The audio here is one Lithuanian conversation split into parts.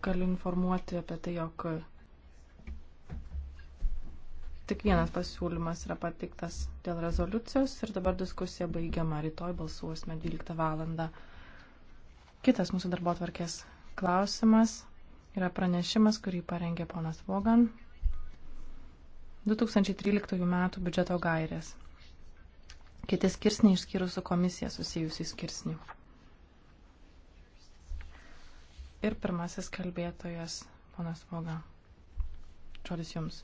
galiu informuoti apie tai, jog tik vienas pasiūlymas yra pateiktas dėl rezoliucijos ir dabar diskusija baigiama. Rytoj balsuosime 12 valandą. Kitas mūsų darbo tvarkės klausimas yra pranešimas, kurį parengė ponas Vogan. 2013 m. biudžeto gairės. Kiti skirsniai išskyrus su komisija susijusiai skirsniai. Ir pirmasis kalbėtojas, ponas Voga. Žodis jums.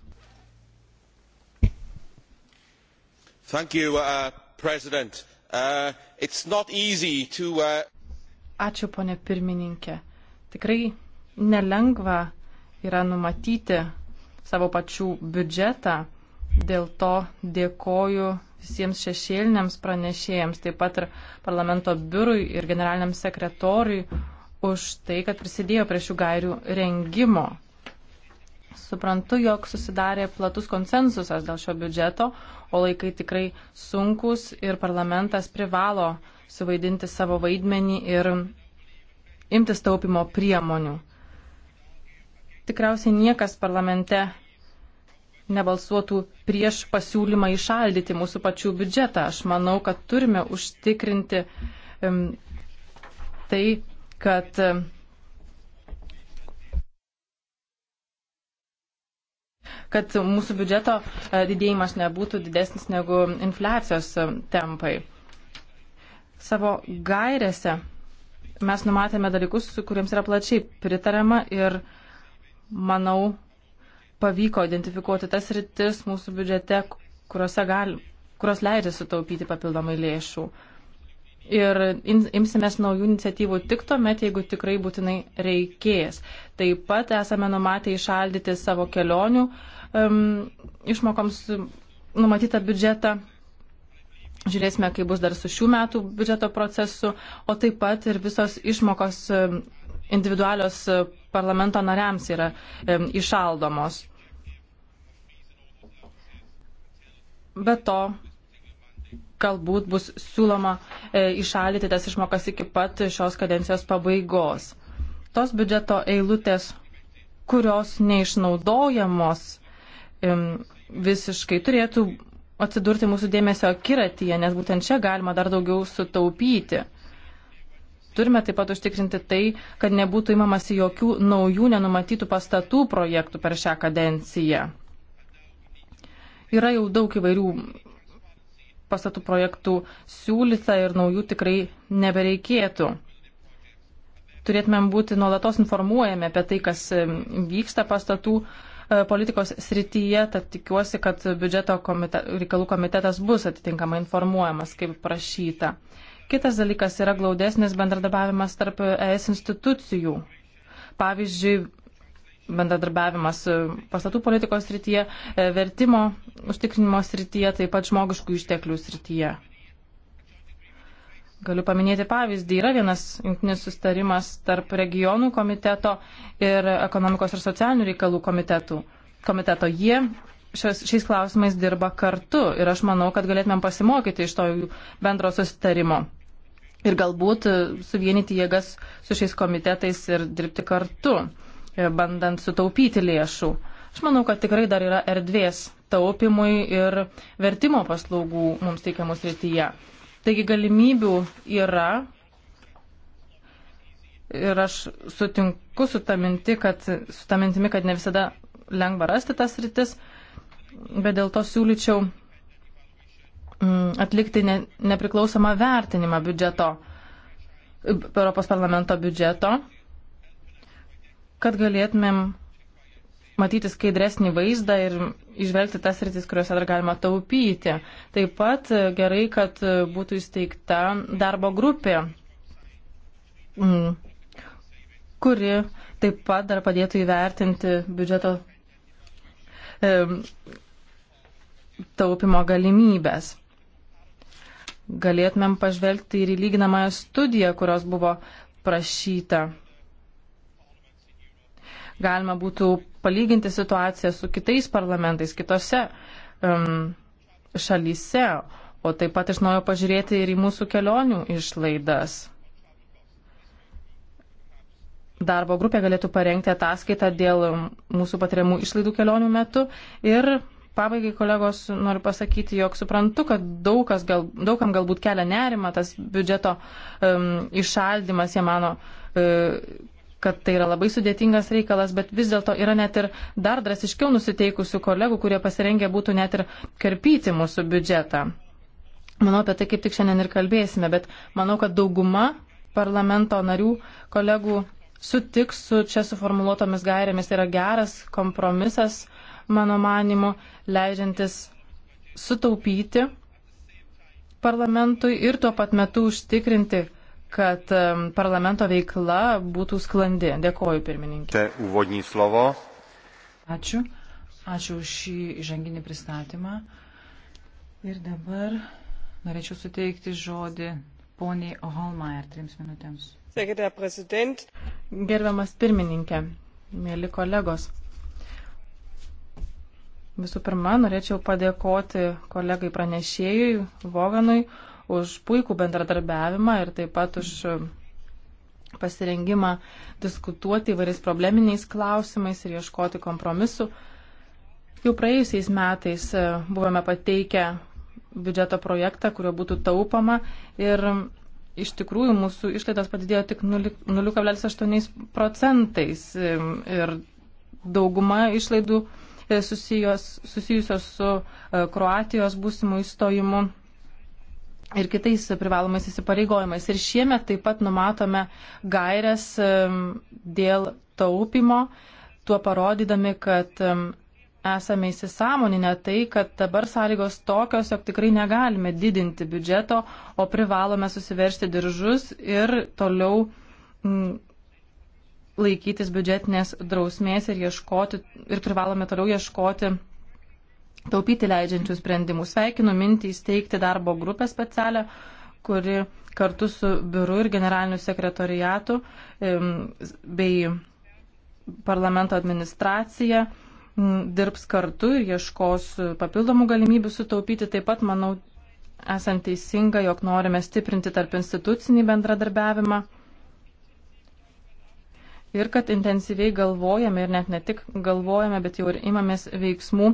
Thank you, uh, President. Uh, it's not easy to. Uh... Ačiū, ponė pirmininkė. Tikrai nelengva yra numatyti savo pačių biudžetą. Dėl to dėkoju visiems šešėliniams pranešėjams, taip pat ir parlamento biurui ir generaliniam sekretoriui už tai, kad prisidėjo prie šių gairių rengimo. Suprantu, jog susidarė platus konsensusas dėl šio biudžeto, o laikai tikrai sunkus ir parlamentas privalo suvaidinti savo vaidmenį ir imtis taupimo priemonių. Tikriausiai niekas parlamente nebalsuotų prieš pasiūlymą išaldyti mūsų pačių biudžetą. Aš manau, kad turime užtikrinti um, tai, kad kad mūsų biudžeto e, didėjimas nebūtų didesnis negu infliacijos e, tempai. Savo gairėse mes numatėme dalykus, kuriems yra plačiai pritariama ir, manau, pavyko identifikuoti tas rytis mūsų biudžete, kurios leidžia sutaupyti papildomai lėšų. Uh, ir imsimės naujų iniciatyvų tik tuomet, jeigu tikrai būtinai reikės. Taip pat esame numatę išaldyti savo kelionių um, išmokoms numatytą biudžetą. Žiūrėsime, kaip bus dar su šių metų biudžeto procesu, o taip pat ir visos išmokos individualios e, parlamento nariams yra um, išaldomos. Be to, galbūt bus siūloma išalyti e, tas išmokas iki pat šios kadencijos pabaigos. Tos biudžeto eilutės, kurios neišnaudojamos visiškai, turėtų atsidurti mūsų dėmesio akiratyje, nes būtent čia galima dar daugiau sutaupyti. Turime taip pat užtikrinti tai, kad nebūtų imamasi jokių naujų nenumatytų pastatų projektų per šią kadenciją. Yra jau daug įvairių pastatų projektų siūlyta ir naujų tikrai nebereikėtų. Turėtumėm būti nuolatos informuojami apie tai, kas vyksta pastatų e, politikos srityje, tad tikiuosi, kad biudžeto komite, reikalų komitetas bus atitinkamai informuojamas, kaip prašyta. Kitas dalykas yra glaudesnis bendradarbiavimas tarp ES institucijų. Pavyzdžiui, bendradarbiavimas pastatų politikos srityje, e, vertimo užtikrinimo srityje, taip pat žmogiškų išteklių srityje. Galiu paminėti pavyzdį. Yra vienas jungtinis sustarimas tarp regionų komiteto ir ekonomikos ir socialinių reikalų komitetų. komiteto. Jie šios, šiais klausimais dirba kartu ir aš manau, kad galėtumėm pasimokyti iš to jų bendro susitarimo. Ir galbūt suvienyti jėgas su šiais komitetais ir dirbti kartu bandant sutaupyti lėšų. Aš manau, kad tikrai dar yra erdvės taupimui ir vertimo paslaugų mums teikiamų srityje. Taigi galimybių yra ir aš sutinku su ta, minti, kad, su ta mintimi, kad ne visada lengva rasti tas rytis, bet dėl to siūlyčiau mm, atlikti ne, nepriklausomą vertinimą biudžeto, Europos parlamento biudžeto kad galėtumėm matyti skaidresnį vaizdą ir išvelgti tas rytis, kuriuose dar galima taupyti. Taip pat gerai, kad būtų įsteigta darbo grupė, mm, kuri taip pat dar padėtų įvertinti biudžeto taupimo galimybės. Galėtumėm pažvelgti ir į lyginamąją studiją, kurios buvo prašyta galima būtų palyginti situaciją su kitais parlamentais kitose um, šalyse, o taip pat iš naujo pažiūrėti ir į mūsų kelionių išlaidas. Darbo grupė galėtų parengti ataskaitą dėl mūsų patiriamų išlaidų kelionių metu ir Pabaigai, kolegos, noriu pasakyti, jog suprantu, kad daug gal, daugam galbūt kelia nerima tas biudžeto um, išaldimas, jie mano, uh, kad tai yra labai sudėtingas reikalas, bet vis dėlto yra net ir dar drasiškiau nusiteikusių kolegų, kurie pasirengę būtų net ir karpyti mūsų biudžetą. Manau, apie tai kaip tik šiandien ir kalbėsime, bet manau, kad dauguma parlamento narių kolegų sutiks su čia suformuoluotomis gairėmis. Tai yra geras kompromisas, mano manimu, leidžiantis sutaupyti parlamentui ir tuo pat metu užtikrinti, kad parlamento veikla būtų sklandi. Dėkoju, pirmininkė. Ačiū. Ačiū už šį įžanginį pristatymą. Ir dabar norėčiau suteikti žodį poniai Holmeier trims minutėms. Gerbiamas pirmininkė, mėly kolegos. Visų pirma, norėčiau padėkoti kolegai pranešėjui Vovenui už puikų bendradarbiavimą ir taip pat už pasirengimą diskutuoti įvairiais probleminiais klausimais ir ieškoti kompromisų. Jau praėjusiais metais e, buvome pateikę biudžeto projektą, kurio būtų taupama ir iš tikrųjų mūsų išlaidos padidėjo tik 0,8 procentais e, ir dauguma išlaidų e, susijos, susijusios su Kroatijos būsimų įstojimu ir kitais privalomais įsipareigojimais. Ir šiemet taip pat numatome gairias dėl taupimo, tuo parodydami, kad esame įsisamoninę tai, kad dabar sąlygos tokios, jog tikrai negalime didinti biudžeto, o privalome susiveršti diržus ir toliau laikytis biudžetinės drausmės ir, ieškoti, ir privalome toliau ieškoti taupyti leidžiančių sprendimų. Sveikinu mintį įsteigti darbo grupę specialią, kuri kartu su biuru ir generaliniu sekretoriatu bei parlamento administracija dirbs kartu ir ieškos papildomų galimybių sutaupyti. Taip pat, manau, esant teisinga, jog norime stiprinti tarp institucinį bendradarbiavimą ir kad intensyviai galvojame ir net ne tik galvojame, bet jau ir imamės veiksmų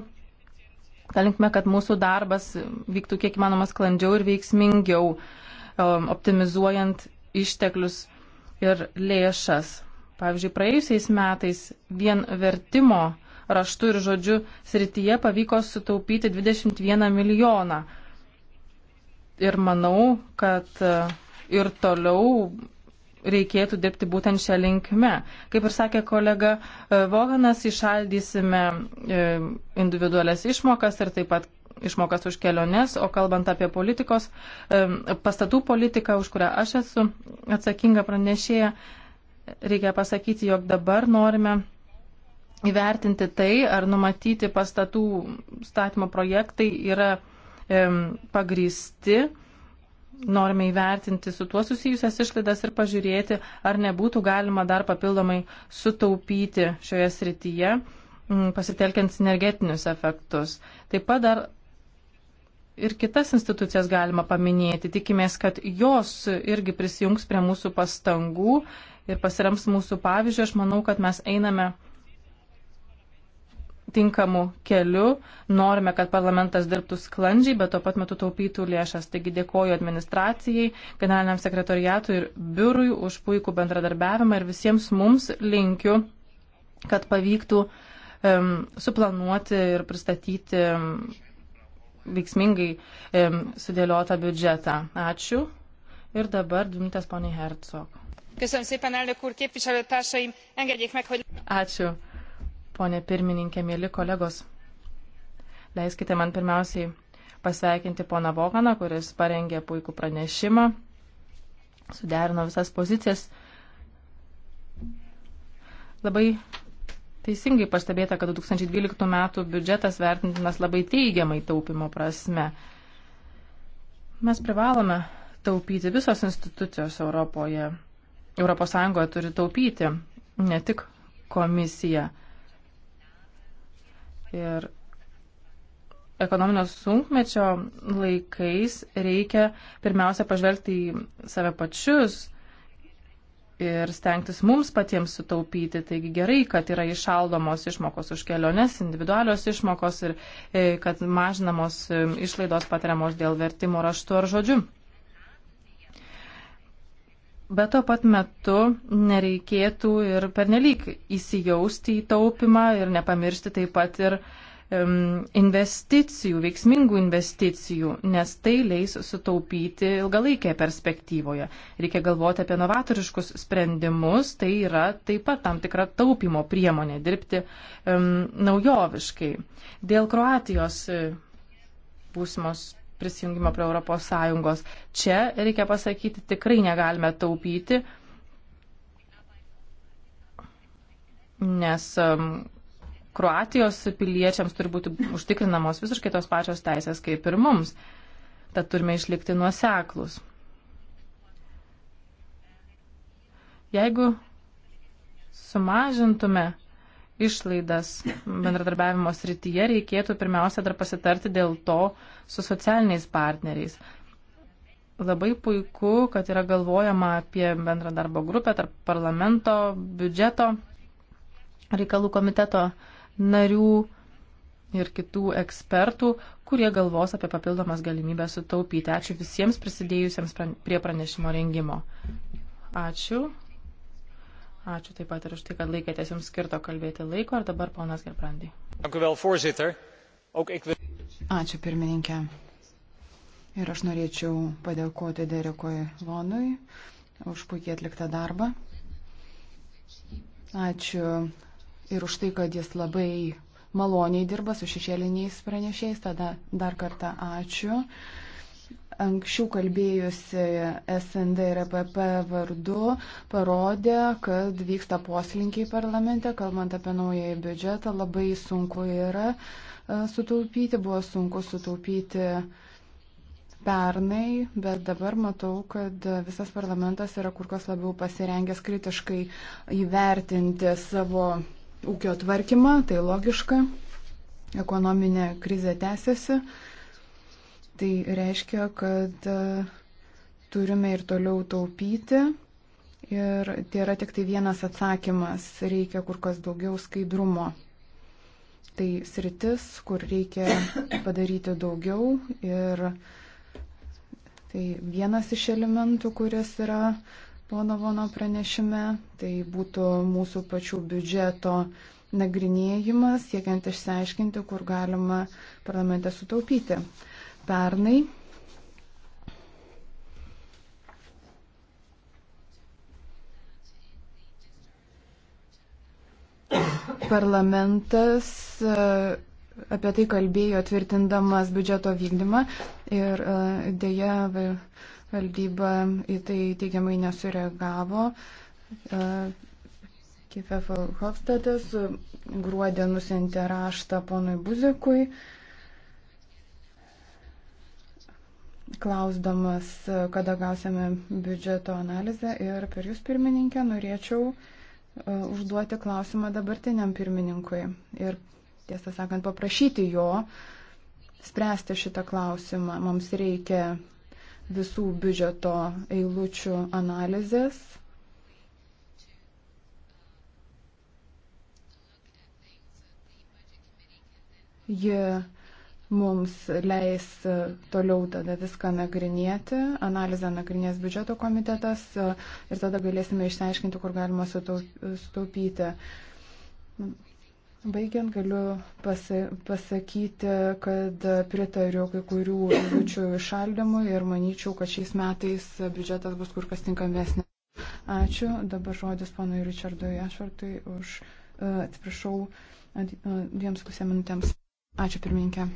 tą linkme, kad mūsų darbas vyktų kiek įmanoma sklandžiau ir veiksmingiau, um, optimizuojant išteklius ir lėšas. Pavyzdžiui, praėjusiais metais vien vertimo raštu ir žodžiu srityje pavyko sutaupyti 21 milijoną. Ir manau, kad uh, ir toliau reikėtų dirbti būtent šią linkme. Kaip ir sakė kolega e, Voganas, išaldysime e, individualias išmokas ir taip pat išmokas už keliones, o kalbant apie politikos, e, pastatų politiką, už kurią aš esu atsakinga pranešėja, reikia pasakyti, jog dabar norime įvertinti tai, ar numatyti pastatų statymo projektai yra pagristi norime įvertinti su tuo susijusias išlaidas ir pažiūrėti, ar nebūtų galima dar papildomai sutaupyti šioje srityje, mm, pasitelkiant sinergetinius efektus. Taip pat dar ir kitas institucijas galima paminėti. Tikimės, kad jos irgi prisijungs prie mūsų pastangų ir pasirems mūsų pavyzdžių. Aš manau, kad mes einame tinkamu keliu. Norime, kad parlamentas dirbtų sklandžiai, bet tuo pat metu taupytų lėšas. Taigi dėkoju administracijai, generaliniam sekretoriatui ir biurui už puikų bendradarbiavimą ir visiems mums linkiu, kad pavyktų um, suplanuoti ir pristatyti um, veiksmingai um, sudėliotą biudžetą. Ačiū. Ir dabar dvi minutės poniai Hercog. Ačiū ponė pirmininkė, mėly kolegos. Leiskite man pirmiausiai pasveikinti poną Voganą, kuris parengė puikų pranešimą, suderino visas pozicijas. Labai teisingai pastebėta, kad 2012 metų biudžetas vertintinas labai teigiamai taupimo prasme. Mes privalome taupyti, visos institucijos Europoje, Europos Sąjungoje turi taupyti, ne tik komisija. Ir ekonominio sunkmečio laikais reikia pirmiausia pažvelgti į save pačius ir stengtis mums patiems sutaupyti. Taigi gerai, kad yra išaldomos išmokos už keliones, individualios išmokos ir e, kad mažinamos e, išlaidos patiriamos dėl vertimo raštu ar žodžiu bet tuo pat metu nereikėtų ir pernelyg įsijausti į taupimą ir nepamiršti taip pat ir um, investicijų, veiksmingų investicijų, nes tai leis sutaupyti ilgalaikėje perspektyvoje. Reikia galvoti apie novatoriškus sprendimus, tai yra taip pat tam tikra taupimo priemonė dirbti um, naujoviškai. Dėl Kroatijos e, būsimos prisijungimo prie ES. Čia, reikia pasakyti, tikrai negalime taupyti, nes um, Kroatijos piliečiams turi būti užtikrinamos visiškai tos pačios teisės kaip ir mums. Tad turime išlikti nuoseklus. Jeigu sumažintume išlaidas bendradarbiavimo srityje, reikėtų pirmiausia dar pasitarti dėl to su socialiniais partneriais. Labai puiku, kad yra galvojama apie bendrą darbo grupę tarp parlamento, biudžeto, reikalų komiteto narių ir kitų ekspertų, kurie galvos apie papildomas galimybės sutaupyti. Ačiū visiems prisidėjusiems prie pranešimo rengimo. Ačiū. Ačiū taip pat ir už tai, kad laikėtės jums skirto kalbėti laiko. Ir dabar ponas Gerbrandai. Ačiū pirmininkė. Ir aš norėčiau padėkoti Derekoj Vonui už puikiai atliktą darbą. Ačiū ir už tai, kad jis labai maloniai dirba su šešėliniais pranešėjais. Tada dar kartą ačiū anksčiau kalbėjusi SND ir EPP vardu parodė, kad vyksta poslinkiai parlamente, kalbant apie naująjį biudžetą, labai sunku yra e, sutaupyti, buvo sunku sutaupyti pernai, bet dabar matau, kad visas parlamentas yra kur kas labiau pasirengęs kritiškai įvertinti savo ūkio tvarkymą, tai logiška, ekonominė krizė tęsiasi Tai reiškia, kad e, turime ir toliau taupyti. Ir tai yra tik tai vienas atsakymas. Reikia kur kas daugiau skaidrumo. Tai sritis, kur reikia padaryti daugiau. Ir tai vienas iš elementų, kuris yra pono Vono pranešime, tai būtų mūsų pačių biudžeto nagrinėjimas, siekiant išsiaiškinti, kur galima parlamente sutaupyti. Pernai parlamentas e, apie tai kalbėjo tvirtindamas biudžeto vykdymą ir e, dėja valdyba į tai teigiamai nesureagavo. E, Kifefel Hofstadas gruodė nusintė raštą ponui Buzikui. Uh, klausdamas, kada gausime biudžeto analizę ir per jūs pirmininkę norėčiau e, užduoti klausimą dabartiniam pirmininkui ir, tiesą sakant, paprašyti jo spręsti šitą klausimą. Mums reikia visų biudžeto eilučių analizės. Ji yeah mums leis e, toliau tada viską nagrinėti, analizę nagrinės biudžeto komitetas e, ir tada galėsime išsiaiškinti, kur galima sutaupyti. Baigiant galiu pasa pasakyti, kad pritariu kai kurių įlučių išaldymui ir manyčiau, kad šiais metais biudžetas bus kur kas tinkamesnis. Ačiū. Dabar žodis panui Richardui Ašvartui už, e, atsiprašau, dviems pusę minutėms. Ačiū pirmininkė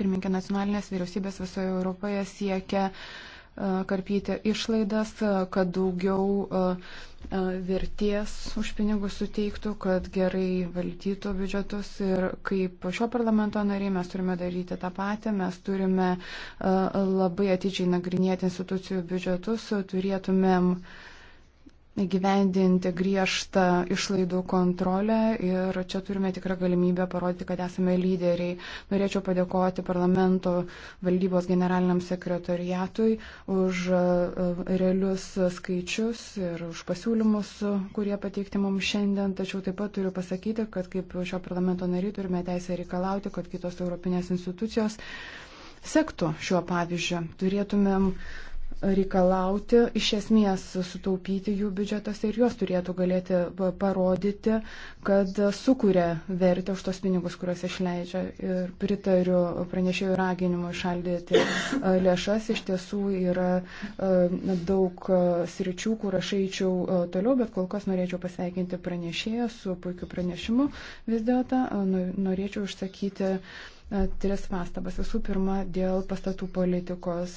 pirmininkė nacionalinės vyriausybės visoje Europoje siekia e, karpyti išlaidas, e, kad daugiau e, vertės už pinigus suteiktų, kad gerai valdytų biudžetus ir kaip šio parlamento nariai mes turime daryti tą patį, mes turime labai atidžiai nagrinėti institucijų biudžetus, turėtumėm uh, įgyvendinti griežtą išlaidų kontrolę ir čia turime tikrą galimybę parodyti, kad esame lyderiai. Norėčiau padėkoti parlamento valdybos generaliniam sekretoriatui už e, realius skaičius ir už pasiūlymus, kurie pateikti mums šiandien. Tačiau taip pat turiu pasakyti, kad kaip šio parlamento nariai turime teisę reikalauti, kad kitos europinės institucijos sektų šiuo pavyzdžiu. Turėtumėm uh, reikalauti iš esmės sutaupyti jų biudžetuose ir juos turėtų galėti parodyti, kad sukuria vertę už tos pinigus, kuriuos išleidžia. Ir pritariu pranešėjų raginimu išaldyti lėšas. Iš tiesų yra daug sričių, kur aš eičiau toliau, bet kol kas norėčiau pasveikinti pranešėją su puikiu pranešimu. Vis dėlto norėčiau išsakyti E, tris pastabas. Visų pirma, dėl pastatų politikos.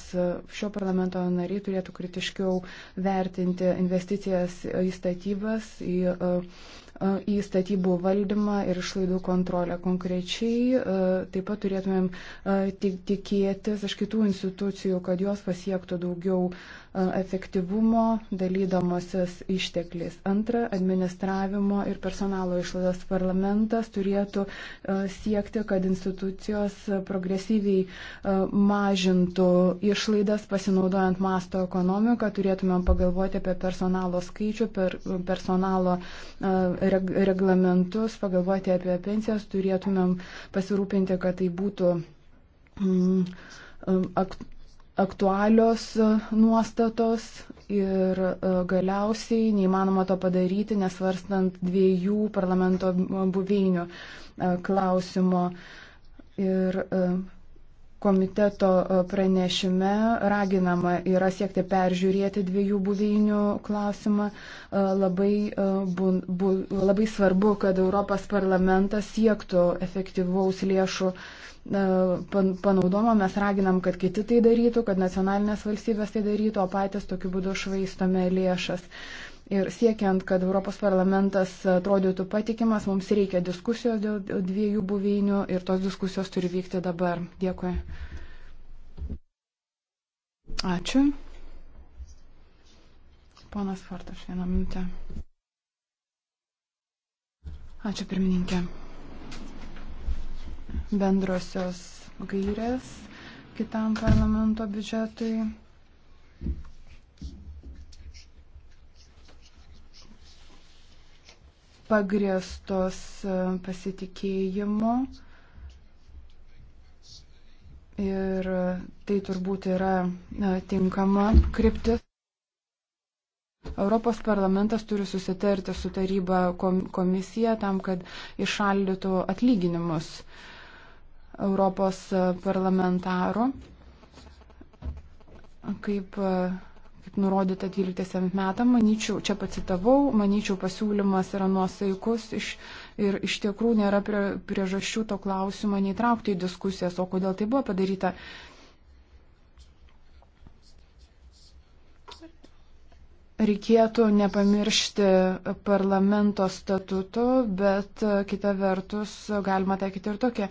Šio parlamento nariai turėtų kritiškiau vertinti investicijas į statybas, į, e, e, į statybų valdymą ir išlaidų kontrolę konkrečiai. Taip pat turėtumėm tikėtis iš kitų institucijų, kad jos pasiektų daugiau efektyvumo, dalydamasis ištekliais. Antra, administravimo ir personalo išlaidas parlamentas turėtų e, siekti, kad institucijos progresyviai e, mažintų išlaidas pasinaudojant masto ekonomiką. Turėtumėm pagalvoti apie personalo skaičių, per personalo e, reglamentus, pagalvoti apie pensijas, turėtumėm pasirūpinti, kad tai būtų mm, ak aktualios e, nuostatos ir e, galiausiai neįmanoma to padaryti, nesvarstant dviejų parlamento buveinių e, klausimo. Ir komiteto e, pranešime raginama yra siekti peržiūrėti dviejų buveinių klausimą. E, labai, e, bu, bu, labai svarbu, kad Europos parlamentas siektų efektyvaus lėšų panaudomo. Mes raginam, kad kiti tai darytų, kad nacionalinės valstybės tai darytų, o patys tokiu būdu švaistome lėšas. Ir siekiant, kad Europos parlamentas atrodytų patikimas, mums reikia diskusijos dėl dviejų buveinių ir tos diskusijos turi vykti dabar. Dėkui. Ačiū. Ponas Fortas, vieną minutę. Ačiū pirmininkė. Bendrosios gairės kitam parlamento biudžetui pagrėstos e, pasitikėjimu. Ir tai turbūt yra e, tinkama kryptis. Europos parlamentas turi susitarti su taryba komisija tam, kad išaldytų atlyginimus Europos e, parlamentarų. Kaip nurodyta 12 metam. Manyčiau, čia pacitavau, manyčiau pasiūlymas yra nuosaikus iš, ir iš tikrųjų nėra prie, priežasčių to klausimą neįtraukti į diskusijas, o kodėl tai buvo padaryta. Reikėtų nepamiršti parlamento statutų, bet kita vertus galima taikyti ir tokią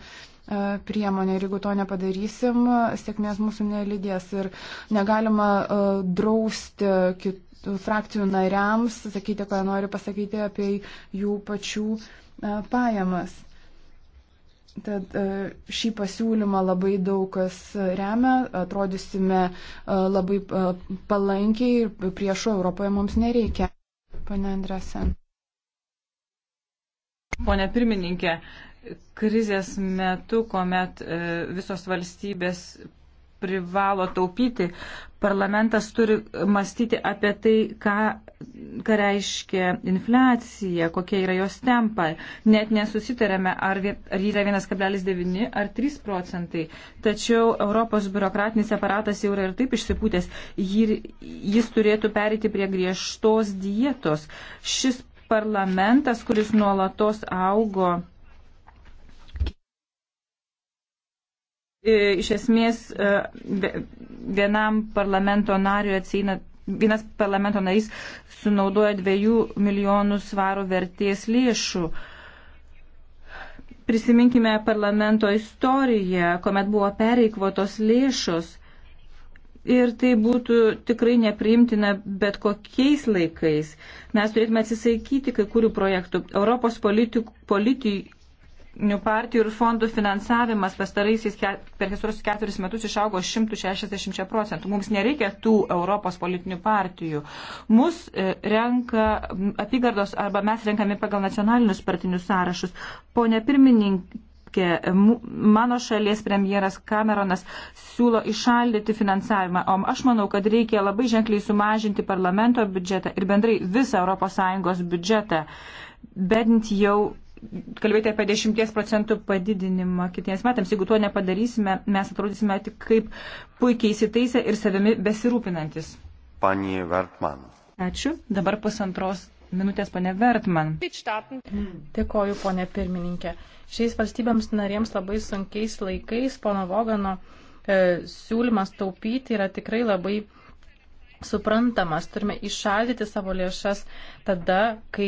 E, priemonė ir jeigu to nepadarysim, sėkmės mūsų nelydės ir negalima e, drausti kitų frakcijų nariams, sakyti, ką nori pasakyti apie jų pačių e, pajamas. Tad šį pasiūlymą labai daug kas remia, atrodysime labai palankiai ir priešų Europoje mums nereikia. Pane Andresen. Pone pirmininkė, krizės metu, kuomet e, visos valstybės privalo taupyti, parlamentas turi mąstyti apie tai, ką, ką reiškia infliacija, kokie yra jos tempai. Net nesusitarėme, ar, ar yra 1,9 ar 3 procentai. Tačiau Europos biurokratinis aparatas jau yra ir taip išsipūtęs. Jis turėtų perėti prie griežtos dietos. Šis parlamentas, kuris nuolatos augo E, iš esmės e, vienam parlamento nariui atsina, vienas parlamento narys sunaudoja dviejų milijonų svarų vertės lėšų. Prisiminkime parlamento istoriją, kuomet buvo pereikvotos lėšos. Ir tai būtų tikrai nepriimtina bet kokiais laikais. Mes turėtume atsisakyti kai kurių projektų. Europos politikų, politi, partijų ir fondų finansavimas pastaraisiais per kesuros keturis metus išaugo 160 procentų. Mums nereikia tų Europos politinių partijų. Mus e, renka apygardos arba mes renkami pagal nacionalinius partinius sąrašus. Pone pirmininkė, mano šalies premjeras Kameronas siūlo išaldyti finansavimą, o aš manau, kad reikia labai ženkliai sumažinti parlamento biudžetą ir bendrai visą ES biudžetą bent jau kalbėti apie 10 procentų padidinimą kitiems metams. Jeigu to nepadarysime, mes atrodysime tik kaip puikiai įsitaisę ir savimi besirūpinantis. Panie Vertman. Ačiū. Dabar pusantros minutės, ponė Vertman. Dėkoju, ponė pirmininkė. Šiais valstybėms narėms labai sunkiais laikais pono Vogano e, siūlymas taupyti yra tikrai labai suprantamas. Turime išaldyti savo lėšas tada, kai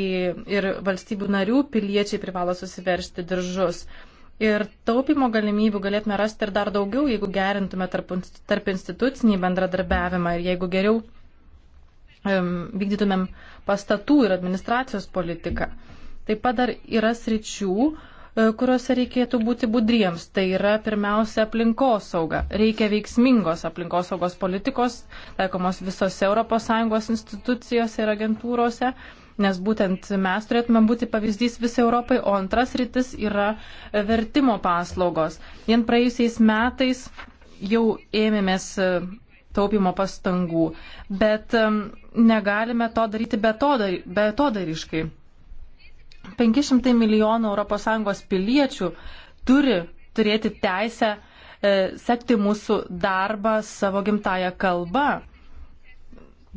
ir valstybių narių piliečiai privalo susiveršti diržus. Ir taupimo galimybių galėtume rasti ir dar daugiau, jeigu gerintume tarp, tarp institucinį bendradarbiavimą ir jeigu geriau um, vykdytumėm pastatų ir administracijos politiką. Taip pat dar yra sričių, uh, E, kuriuose reikėtų būti budriems. Tai yra pirmiausia aplinkosauga. Reikia veiksmingos aplinkosaugos politikos, taikomos visose ES institucijose ir agentūrose, nes būtent mes turėtume būti pavyzdys visai Europai, o antras rytis yra vertimo paslaugos. Vien praėjusiais metais jau ėmėmės e, taupimo pastangų, bet e, negalime to daryti betodariškai. Be 500 milijonų ES piliečių turi turėti teisę e, sekti mūsų darbą savo gimtają kalbą.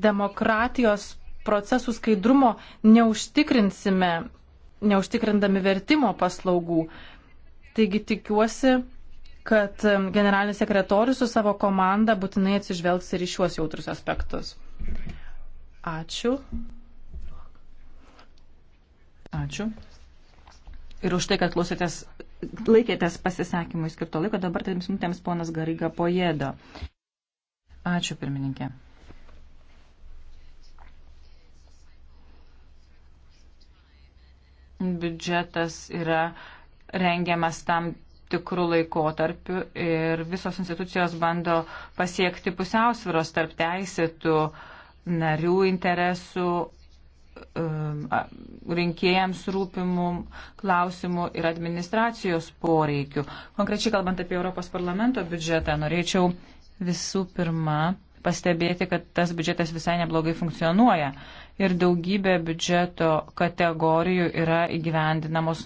Demokratijos procesų skaidrumo neužtikrinsime, neužtikrindami vertimo paslaugų. Taigi tikiuosi, kad e, generalinis sekretorius su savo komanda būtinai atsižvelgs ir į šiuos jautrus aspektus. Ačiū. Ačiū. Ir už tai, kad klausėtės, laikėtės pasisakymui skirto laiko, dabar trims minutėms ponas Garyga pojėdo. Ačiū, pirmininkė. Biudžetas yra rengiamas tam tikrų laikotarpių ir visos institucijos bando pasiekti pusiausviros tarp teisėtų narių interesų, Um, rinkėjams rūpimų klausimų ir administracijos poreikių. Konkrečiai kalbant apie Europos parlamento biudžetą, norėčiau visų pirma pastebėti, kad tas biudžetas visai neblogai funkcionuoja ir daugybė biudžeto kategorijų yra įgyvendinamos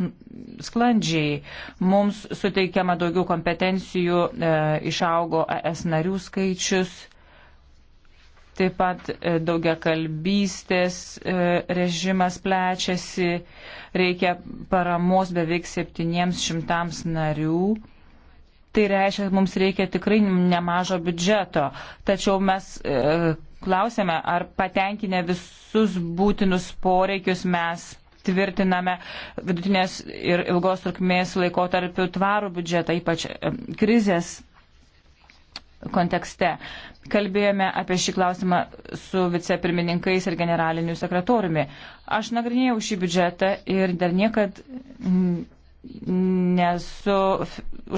sklandžiai. Mums suteikiama daugiau kompetencijų, e, išaugo ES narių skaičius, Taip pat e, daugia kalbystės e, režimas plečiasi, reikia paramos beveik 700 narių. Tai reiškia, kad mums reikia tikrai nemažo biudžeto. Tačiau mes e, klausėme, ar patenkinę visus būtinus poreikius mes tvirtiname vidutinės ir ilgos trukmės laikotarpių tvarų biudžetą, ypač krizės kontekste. Kalbėjome apie šį klausimą su vicepirmininkais ir generaliniu sekretoriumi. Aš nagrinėjau šį biudžetą ir dar niekad nesu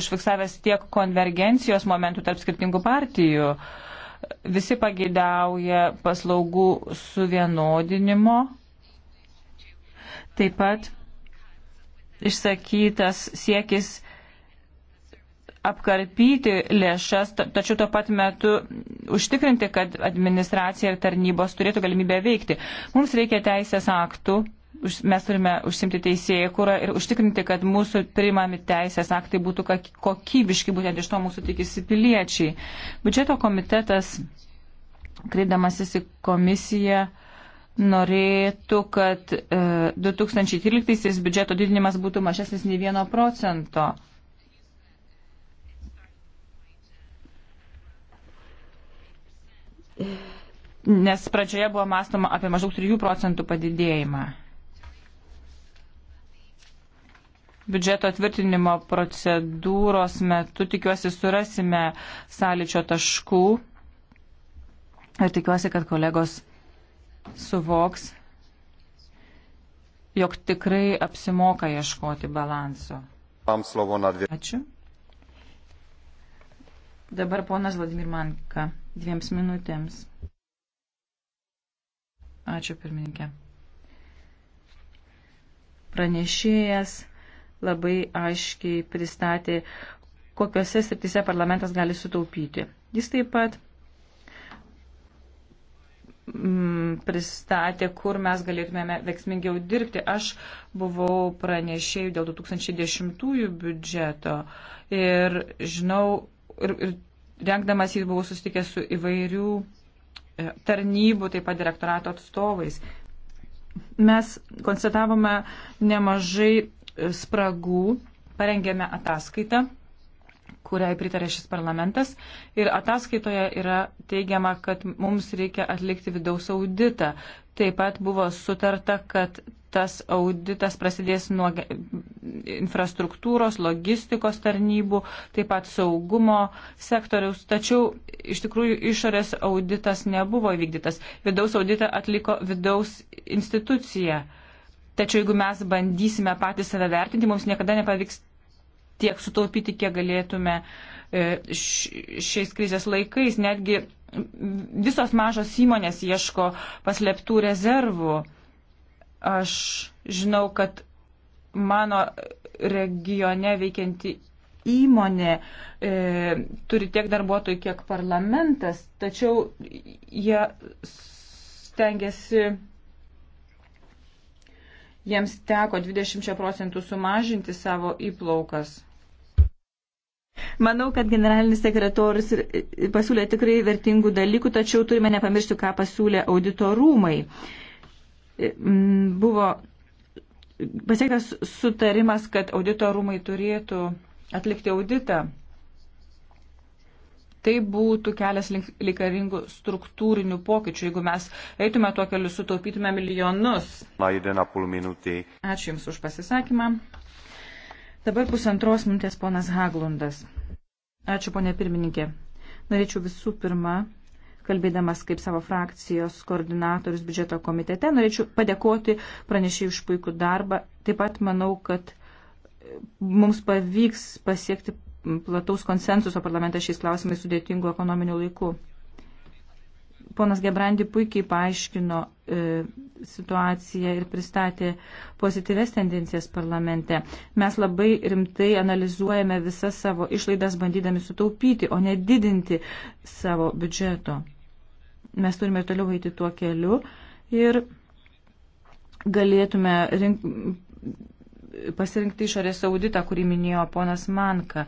užfiksavęs tiek konvergencijos momentų tarp skirtingų partijų. Visi pagėdauja paslaugų suvienodinimo. Taip pat išsakytas siekis apkarpyti lėšas, tačiau tuo pat metu užtikrinti, kad administracija ir tarnybos turėtų galimybę veikti. Mums reikia teisės aktų, mes turime užsimti teisėjų kūrą ir užtikrinti, kad mūsų priimami teisės aktai būtų kokybiški, būtent iš to mūsų tikisi piliečiai. Biudžeto komitetas, kreidamasis į komisiją, norėtų, kad 2013 e, biudžeto didinimas būtų mažesnis nei 1 procento. nes pradžioje buvo mąstoma apie maždaug 3 procentų padidėjimą. Biudžeto tvirtinimo procedūros metu tikiuosi surasime sąlyčio taškų ir tikiuosi, kad kolegos suvoks, jog tikrai apsimoka ieškoti balanso. Ačiū. Dabar ponas Vladimir Manka, dviems minutėms. Ačiū pirmininkė. Pranešėjas labai aiškiai pristatė, kokiuose srityse parlamentas gali sutaupyti. Jis taip pat mm, pristatė, kur mes galėtumėme veiksmingiau dirbti. Aš buvau pranešėjų dėl 2010 biudžeto ir žinau, ir, ir rengdamas jį buvau susitikęs su įvairių E, tarnybų, taip pat direktorato atstovais. Mes konstatavome nemažai e, spragų, parengėme ataskaitą, kuriai pritarė šis parlamentas. Ir ataskaitoje yra teigiama, kad mums reikia atlikti vidaus auditą. Taip pat buvo sutarta, kad tas auditas prasidės nuo infrastruktūros, logistikos tarnybų, taip pat saugumo sektoriaus. Tačiau iš tikrųjų išorės auditas nebuvo įvykdytas. Vidaus auditą atliko vidaus institucija. Tačiau jeigu mes bandysime patys save vertinti, mums niekada nepavyks tiek sutaupyti, kiek galėtume e, šiais krizės laikais. Netgi visos mažos įmonės ieško paslėptų rezervų Aš žinau, kad mano regione veikianti įmonė e, turi tiek darbuotojų, kiek parlamentas, tačiau jie stengiasi, jiems teko 20 procentų sumažinti savo įplaukas. Manau, kad generalinis sekretorius e, pasiūlė tikrai vertingų dalykų, tačiau turime nepamiršti, ką pasiūlė auditorumai. rūmai buvo pasiektas sutarimas, kad audito rūmai turėtų atlikti auditą. Tai būtų kelias reikalingų struktūrinių pokyčių, jeigu mes eitume tuo keliu, sutaupytume milijonus. Ačiū Jums už pasisakymą. Dabar pusantros minutės ponas Haglundas. Ačiū, ponė pirmininkė. Norėčiau visų pirma kalbėdamas kaip savo frakcijos koordinatorius biudžeto komitete. Norėčiau padėkoti pranešėjai už puikų darbą. Taip pat manau, kad e, mums pavyks pasiekti plataus konsensuso parlamente šiais klausimais sudėtingų ekonominių laikų. Ponas Gebrandi puikiai paaiškino e, situaciją ir pristatė pozityves tendencijas parlamente. Mes labai rimtai analizuojame visas savo išlaidas, bandydami sutaupyti, o ne didinti savo biudžeto. Mes turime ir toliau eiti tuo keliu ir galėtume rink, pasirinkti išorės auditą, kurį minėjo ponas Manka.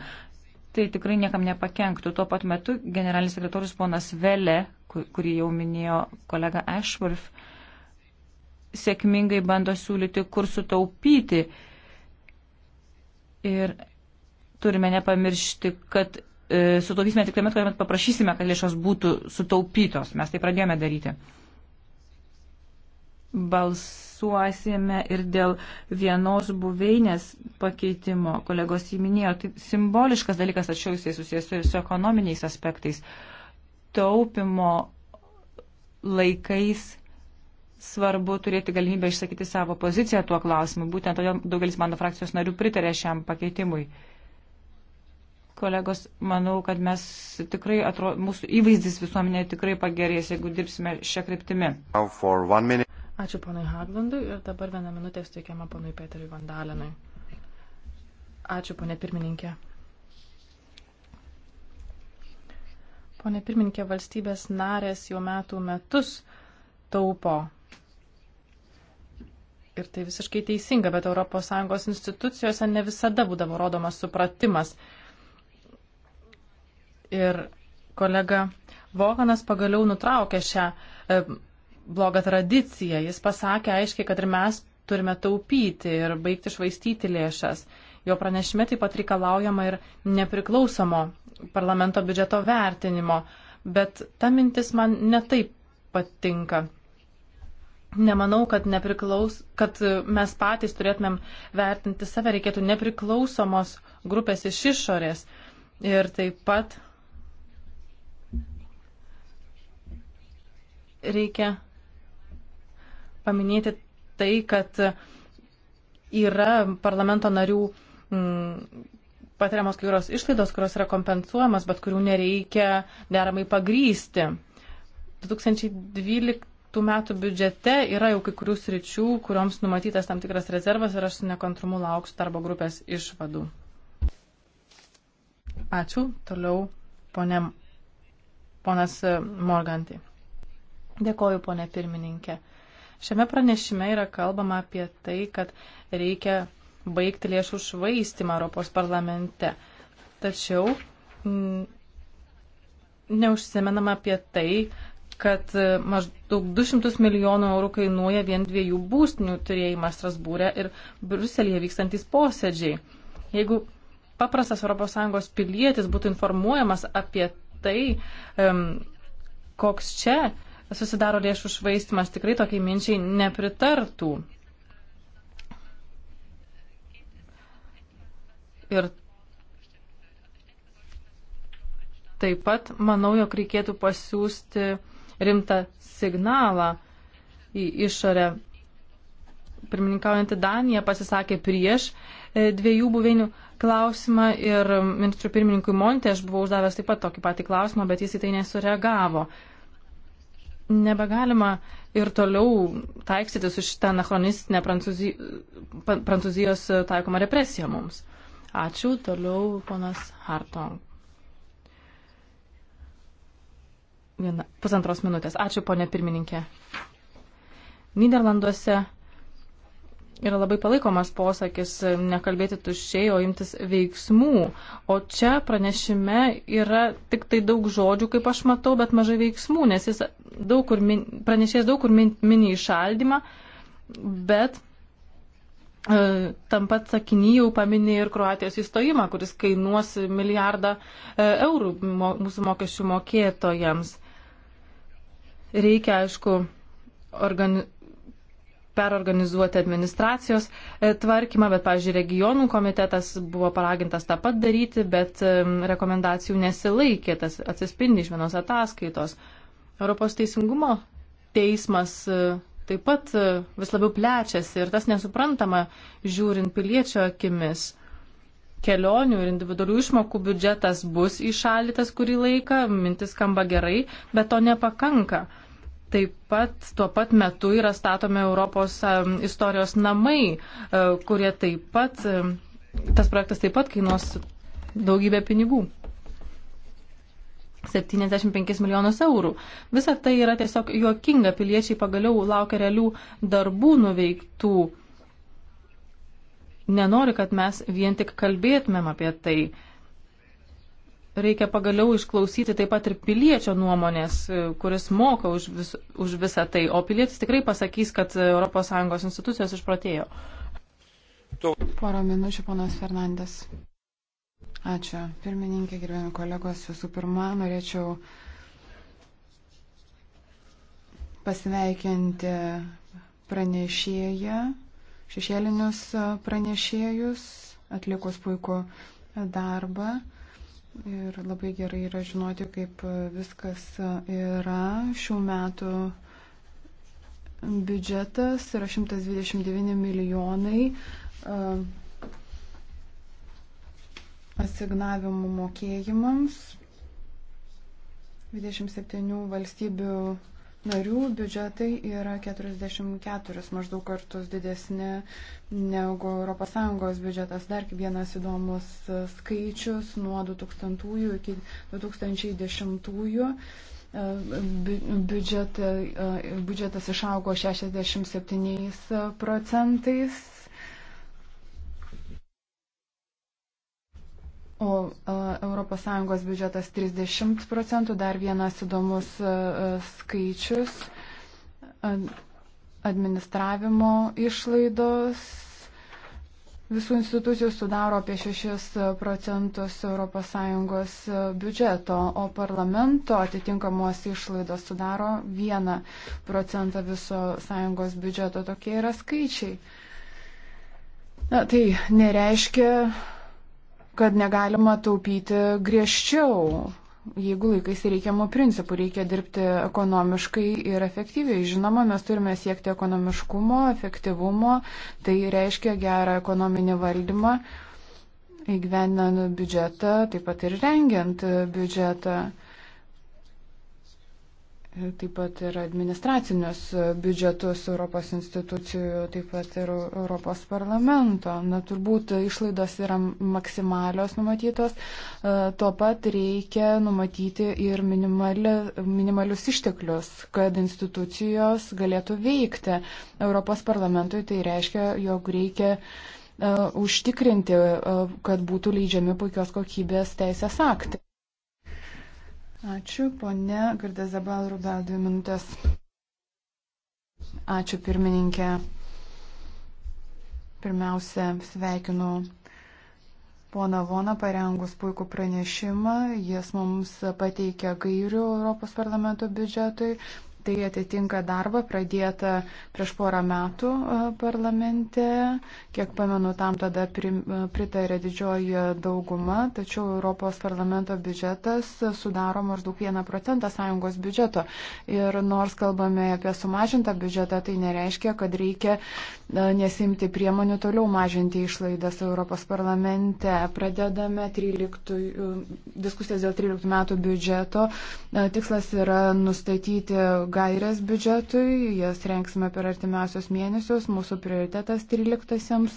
Tai tikrai niekam nepakenktų. Tuo pat metu generalinis sekretorius ponas Vele, kurį jau minėjo kolega Ashworth, sėkmingai bando siūlyti, kur sutaupyti. Ir turime nepamiršti, kad E, sutaupysime tik tuomet, kuomet paprašysime, kad lėšos būtų sutaupytos. Mes tai pradėjome daryti. Balsuosime ir dėl vienos buveinės pakeitimo. Kolegos įminėjo, tai simboliškas dalykas, tačiau jisai susijęs ir su ekonominiais aspektais. Taupimo laikais svarbu turėti galimybę išsakyti savo poziciją tuo klausimu. Būtent todėl daugelis mano frakcijos narių pritarė šiam pakeitimui. Kolegos, manau, kad mes tikrai, atro, mūsų įvaizdis visuomenėje tikrai pagerės, jeigu dirbsime šią kryptimį. Ačiū ponui Haglandui ir dabar vieną minutę suteikiama ponui Peteriui Vandalinui. Ačiū ponė pirmininkė. Pone pirmininkė, valstybės narės jau metų metus taupo ir tai visiškai teisinga, bet ES institucijose ne visada būdavo rodomas supratimas Ir kolega Vokanas pagaliau nutraukė šią e, blogą tradiciją. Jis pasakė aiškiai, kad ir mes turime taupyti ir baigti švaistyti lėšas. Jo pranešime taip pat reikalaujama ir nepriklausomo parlamento biudžeto vertinimo. Bet ta mintis man netaip patinka. Nemanau, kad, nepriklaus, kad mes patys turėtumėm vertinti save, reikėtų nepriklausomos grupės iš išorės. Ir taip pat reikia paminėti tai, kad yra parlamento narių mm, patiriamos kai kurios išlaidos, kurios yra kompensuojamas, bet kurių nereikia deramai pagrysti. 2012 metų biudžete yra jau kai kurių sričių, kurioms numatytas tam tikras rezervas ir aš su nekantrumu lauksiu darbo grupės išvadų. Ačiū. Toliau ponė, ponas Morganti. Dėkoju, ponė pirmininkė. Šiame pranešime yra kalbama apie tai, kad reikia baigti lėšų švaistimą Europos parlamente. Tačiau m, mm, neužsimenama apie tai, kad e, maždaug 200 milijonų eurų kainuoja vien dviejų būstinių turėjimas Strasbūrė ir Bruselėje vykstantis posėdžiai. Jeigu paprastas ES pilietis būtų informuojamas apie tai, um, koks čia susidaro lėšų švaistimas, tikrai tokiai minčiai nepritartų. Ir taip pat manau, jog reikėtų pasiūsti rimtą signalą į išorę. Pirmininkaujantį Daniją pasisakė prieš e, dviejų buveinių klausimą ir ministrų pirmininkui Montė aš buvau uždavęs taip pat tokį patį klausimą, bet jis į tai nesureagavo nebegalima ir toliau taiksyti su šitą anachronistinę prancūzi... Prancūzijos taikomą represiją mums. Ačiū, toliau ponas Hartong. Viena, pusantros minutės. Ačiū, ponė pirmininkė. Niderlanduose yra labai palaikomas posakis nekalbėti tuščiai, o imtis veiksmų. O čia pranešime yra tik tai daug žodžių, kaip aš matau, bet mažai veiksmų, nes jis daug kur min, pranešėjas daug kur min, mini išaldymą, bet e, tam pat sakinį jau paminė ir Kroatijos įstojimą, kuris kainuos milijardą e, eurų mo, mūsų mokesčių mokėtojams. Reikia, aišku, organizuoti perorganizuoti administracijos e, tvarkymą, bet, pavyzdžiui, regionų komitetas buvo paragintas tą pat daryti, bet e, rekomendacijų nesilaikė, tas atsispindi iš vienos ataskaitos. Europos teisingumo teismas e, taip pat vis labiau plečiasi ir tas nesuprantama žiūrint piliečio akimis. Kelionių ir individualių išmokų biudžetas bus įšaldytas kurį laiką, mintis skamba gerai, bet to nepakanka. Taip pat tuo pat metu yra statomi Europos istorijos namai, e, kurie taip pat, tas projektas taip pat kainuos daugybę pinigų. 75 milijonus eurų. Visa tai yra tiesiog juokinga, piliečiai pagaliau laukia realių darbų nuveiktų. Nenori, kad mes vien tik kalbėtumėm apie tai reikia pagaliau išklausyti taip pat ir piliečio nuomonės, e, kuris moka už, vis, už visą tai, o pilietis tikrai pasakys, kad ES institucijos išprotėjo. Porą minučių, ponas Fernandes. Ačiū. Pirmininkė, gerbėjami kolegos, visų pirma, norėčiau pasveikinti pranešėją, šešėlinius pranešėjus, atlikus puikų darbą. Ir labai gerai yra žinoti, kaip viskas yra. Šių metų biudžetas yra 129 milijonai e, asignavimų mokėjimams. 27 valstybių narių biudžetai yra 44 maždaug kartus didesni negu ES biudžetas. Dar vienas įdomus skaičius nuo 2000 iki 2010. E, Biudžeta, e, biudžetas išaugo 67 procentais O ES biudžetas 30 procentų, dar vienas įdomus skaičius, administravimo išlaidos visų institucijų sudaro apie 6 procentus ES biudžeto, o parlamento atitinkamos išlaidos sudaro 1 procentą viso sąjungos biudžeto. Tokie yra skaičiai. Na, tai nereiškia kad negalima taupyti griežčiau. Jeigu laikaisi reikiamų principų, reikia dirbti ekonomiškai ir efektyviai. Žinoma, mes turime siekti ekonomiškumo, efektyvumo, tai reiškia gerą ekonominį valdymą, įgyvendinant biudžetą, taip pat ir rengiant biudžetą taip pat ir administracinius biudžetus Europos institucijų, taip pat ir Europos parlamento. Na, turbūt išlaidos yra maksimalios numatytos, e, tuo pat reikia numatyti ir minimali, minimalius išteklius, kad institucijos galėtų veikti. Europos parlamentui tai reiškia, jog reikia e, užtikrinti, e, kad būtų leidžiami puikios kokybės teisės aktai. Ačiū, ponė Gardezabal Rubel, dvi minutės. Ačiū, pirmininkė. Pirmiausia, sveikinu poną Voną parengus puikų pranešimą. Jis mums pateikia gairių Europos parlamento biudžetui. Tai atitinka darbą pradėtą prieš porą metų e, parlamente. Kiek pamenu, tam tada e, pritarė didžioji dauguma, tačiau Europos parlamento biudžetas sudaro maždaug 1 procentą sąjungos biudžeto. Ir nors kalbame apie sumažintą biudžetą, tai nereiškia, kad reikia e, nesimti priemonių toliau mažinti išlaidas Europos parlamente. Pradedame 13, diskusijas dėl 13 metų biudžeto. Tikslas yra nustatyti gairias biudžetui, jas renksime per artimiausios mėnesius, mūsų prioritetas 13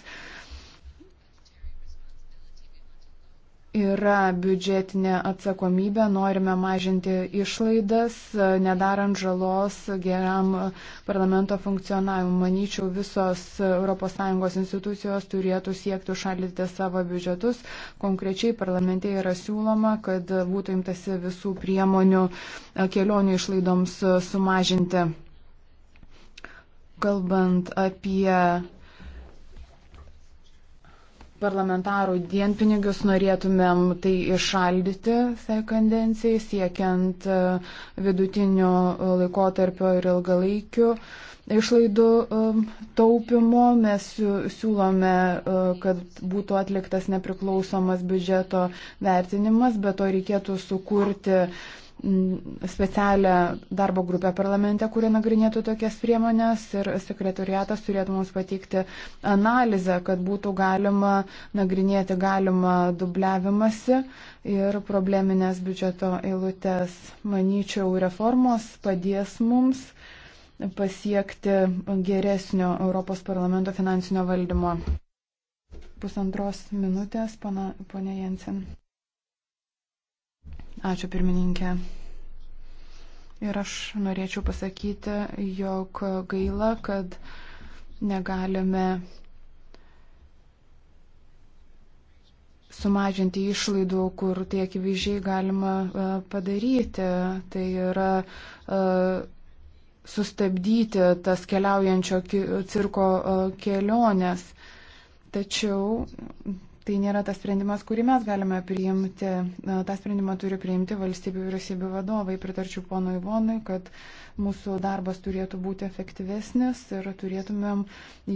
yra biudžetinė atsakomybė, norime mažinti išlaidas, e, nedarant žalos geram parlamento funkcionavimui. Manyčiau, visos ES institucijos turėtų siekti užšaldyti savo biudžetus. Konkrečiai parlamente yra siūloma, kad būtų imtasi visų priemonių e, kelionių išlaidoms e, sumažinti. Kalbant apie parlamentarų dienpinigius norėtumėm tai išaldyti sekandencijai, siekiant e, vidutinio e, laikotarpio ir ilgalaikių išlaidų e, taupimo. Mes siūlome, kad būtų atliktas nepriklausomas biudžeto vertinimas, bet to reikėtų sukurti Mm, specialią darbo grupę parlamente, kurie nagrinėtų tokias priemonės ir sekretoriatas turėtų mums pateikti analizę, kad būtų galima nagrinėti galimą dubliavimąsi ir probleminės biudžeto eilutės. Manyčiau, reformos padės mums pasiekti geresnio Europos parlamento finansinio valdymo. Pusantros minutės, pana, ponia Jensen. Ačiū pirmininkė. Ir aš norėčiau pasakyti, jog gaila, kad negalime sumažinti išlaidų, kur tie akivaizdžiai galima e, padaryti. Tai yra e, sustabdyti tas keliaujančio cirko e, keliones. Tačiau tai nėra tas sprendimas, kurį mes galime priimti. Ta sprendimą turi priimti valstybių vyriausybių vadovai. Pritarčiau pono Ivonui, kad mūsų darbas turėtų būti efektyvesnis ir turėtumėm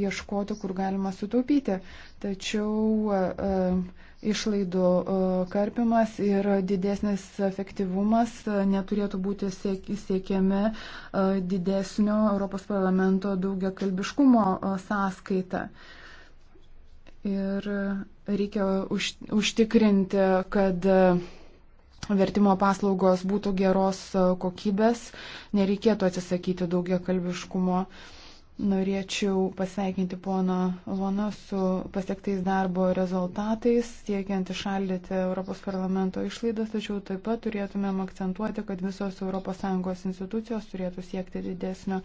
ieškoti, kur galima sutaupyti. Tačiau e, e, išlaidų e, karpimas ir didesnis efektyvumas neturėtų būti siekiami didesnio Europos parlamento daugiakalbiškumo sąskaita. Ir reikia už, užtikrinti, kad vertimo paslaugos būtų geros kokybės, nereikėtų atsisakyti daugia kalbiškumo. Uh, Norėčiau pasveikinti pono Lono su pasiektais darbo rezultatais, siekiant išaldyti Europos parlamento išlaidas, tačiau taip pat turėtumėm akcentuoti, kad visos ES institucijos turėtų siekti didesnio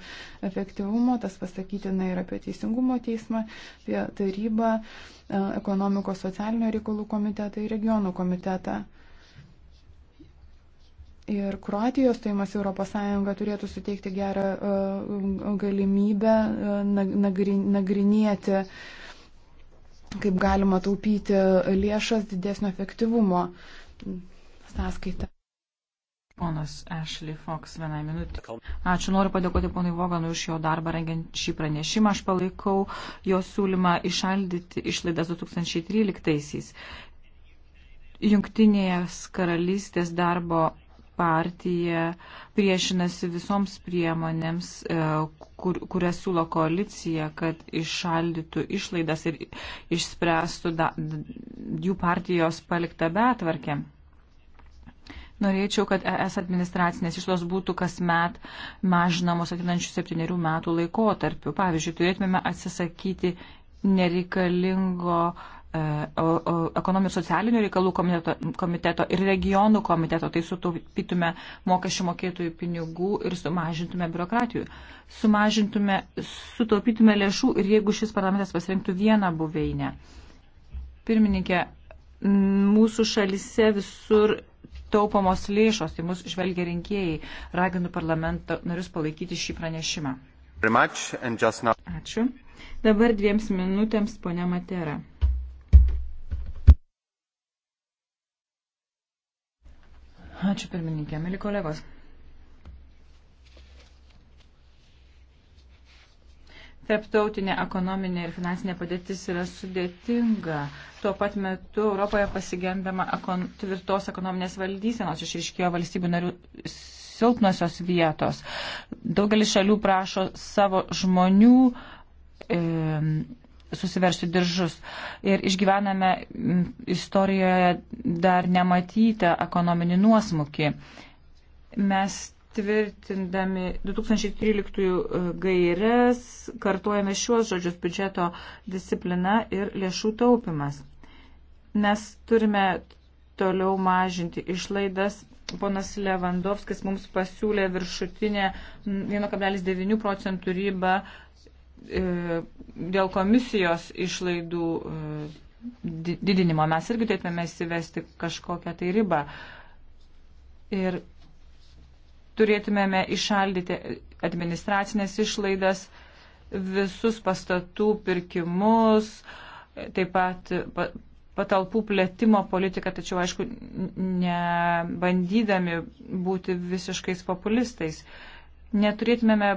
efektyvumo, tas pasakytina ir apie Teisingumo teismą, apie tarybą, e, ekonomikos socialinio reikalų komitetą ir regionų komitetą ir Kroatijos stojimas Europos Sąjunga turėtų suteikti gerą e, galimybę e, nagrinėti, kaip galima taupyti lėšas didesnio efektyvumo sąskaitą. Ponas Ashley Fox, vieną minutę. Ačiū, noriu padėkoti ponui Voganui už jo darbą rengiant šį pranešimą. Aš palaikau jo siūlymą išaldyti išlaidas 2013-aisiais. Jungtinės karalystės darbo partija priešinasi visoms priemonėms, e, kur, kurias siūlo koalicija, kad iššaldytų išlaidas ir išspręstų da, jų partijos paliktą betvarkę. Norėčiau, kad ES administracinės išlaidos būtų kasmet mažinamos atinančių septyniarių metų laikotarpiu. Pavyzdžiui, turėtume atsisakyti nereikalingo uh, E, ekonominių socialinių reikalų komiteto, komiteto ir regionų komiteto, tai sutaupytume mokesčių mokėtojų pinigų ir sumažintume biurokratijų. Sumažintume, sutaupytume lėšų ir jeigu šis parlamentas pasirinktų vieną buveinę. Pirmininkė, mūsų šalise visur taupomos lėšos, tai mus žvelgia rinkėjai. Raginu parlamento narius palaikyti šį pranešimą. Ačiū. Dabar dviems minutėms ponia Matera. Ačiū pirmininkė, mėly kolegos. Tarptautinė ekonominė ir finansinė padėtis yra sudėtinga. Tuo pat metu Europoje pasigendama ekon, tvirtos ekonominės valdysenos išriškėjo valstybių narių silpnosios vietos. Daugelis šalių prašo savo žmonių e, susiveršti diržus. Ir išgyvename istorijoje dar nematytą ekonominį nuosmukį. Mes tvirtindami 2013 e, gairias kartuojame šiuos žodžius biudžeto disciplina ir lėšų taupimas. Mes turime toliau mažinti išlaidas. Ponas Levandovskis mums pasiūlė viršutinę 1,9 procentų ribą E, dėl komisijos išlaidų e, didinimo mes irgi turėtume įsivesti kažkokią tai ribą. Ir turėtumėme išaldyti administracinės išlaidas, visus pastatų pirkimus, taip pat patalpų plėtimo politiką, tačiau aišku, nebandydami būti visiškais populistais. Neturėtumėme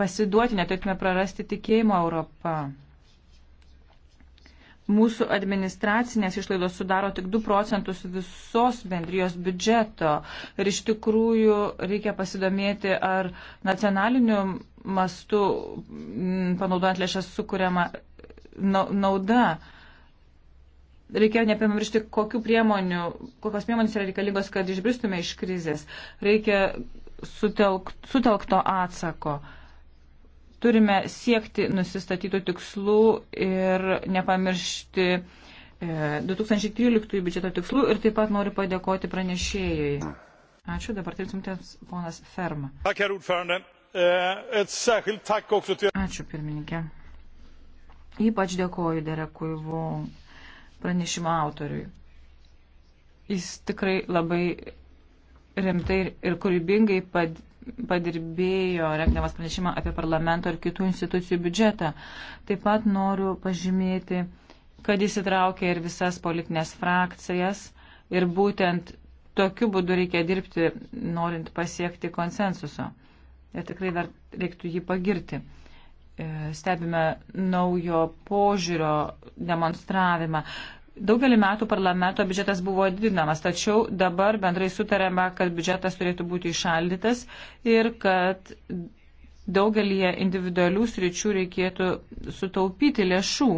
pasiduoti, neturėtume prarasti tikėjimo Europą. Mūsų administracinės išlaidos sudaro tik 2 procentus visos bendrijos biudžeto ir iš tikrųjų reikia pasidomėti, ar nacionaliniu mastu panaudojant lėšas sukūriama nauda. Reikia nepamiršti, kokių priemonių, kokios priemonės yra reikalingos, kad išbristume iš krizės. Reikia sutelkt, sutelkto atsako. Uh, Turime siekti nusistatytų tikslų ir nepamiršti 2013 e, biudžeto tikslų ir taip pat noriu padėkoti pranešėjai. Ačiū, dabar tris minutės ponas Ferma. Eh, Ačiū, pirmininkė. Ypač dėkoju Derekui Von pranešimo autoriui. Jis tikrai labai rimtai ir kūrybingai pad, padirbėjo, rengdamas pranešimą apie parlamento ir kitų institucijų biudžetą. Taip pat noriu pažymėti, kad įsitraukė ir visas politinės frakcijas ir būtent tokiu būdu reikia dirbti, norint pasiekti konsensuso. Ir tikrai dar reiktų jį pagirti. E, stebime naujo požiūrio demonstravimą. Daugelį metų parlamento biudžetas buvo didinamas, tačiau dabar bendrai sutarėme, kad biudžetas turėtų būti išaldytas ir kad daugelį individualių sričių reikėtų sutaupyti lėšų.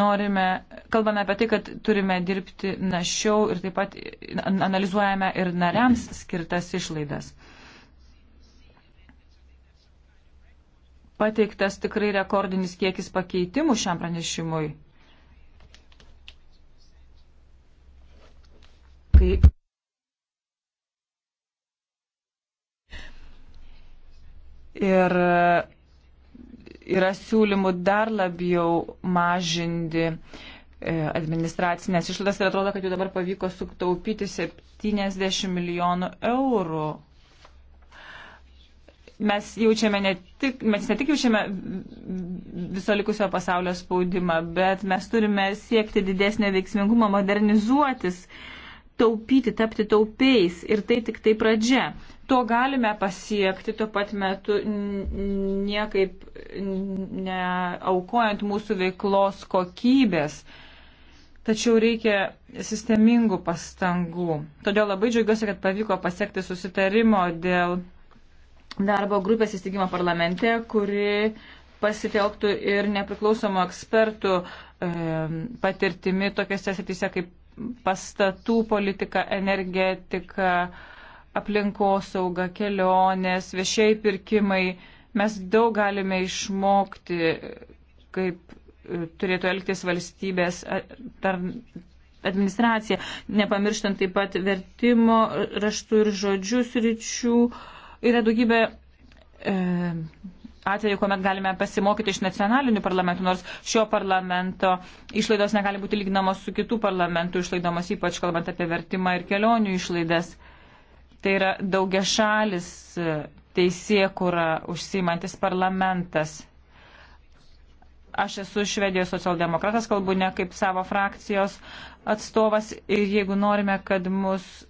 Norime, kalbame apie tai, kad turime dirbti našiau ir taip pat analizuojame ir nariams skirtas išlaidas. Pateiktas tikrai rekordinis kiekis pakeitimų šiam pranešimui kai. Ir yra siūlymų dar labiau mažinti e, administracinės išlaidas ir atrodo, kad jau dabar pavyko sutaupyti 70 milijonų eurų. Mes jaučiame ne tik, mes ne tik jaučiame viso likusio pasaulio spaudimą, bet mes turime siekti didesnio veiksmingumo, modernizuotis. Uh, taupyti, tapti taupiais ir tai tik tai pradžia. To galime pasiekti tuo pat metu niekaip neaukojant mūsų veiklos kokybės. Tačiau reikia sistemingų pastangų. Todėl labai džiaugiuosi, kad pavyko pasiekti susitarimo dėl darbo grupės įsteigimo parlamente, kuri pasitelktų ir nepriklausomų ekspertų e, patirtimi tokiuose srityse kaip pastatų politika, energetika, aplinkosauga, kelionės, viešiai pirkimai. Mes daug galime išmokti, kaip e, turėtų elgtis valstybės e, administracija, nepamirštant taip pat vertimo raštų ir žodžių sričių. Yra daugybė e, atveju, kuomet galime pasimokyti iš nacionalinių parlamentų, nors šio parlamento išlaidos negali būti lyginamos su kitų parlamentų išlaidomas, ypač kalbant apie vertimą ir kelionių išlaidas. Tai yra daugia šalis e, teisėkura užsimantis parlamentas. Aš esu Švedijos socialdemokratas, kalbu ne kaip savo frakcijos atstovas ir jeigu norime, kad mūsų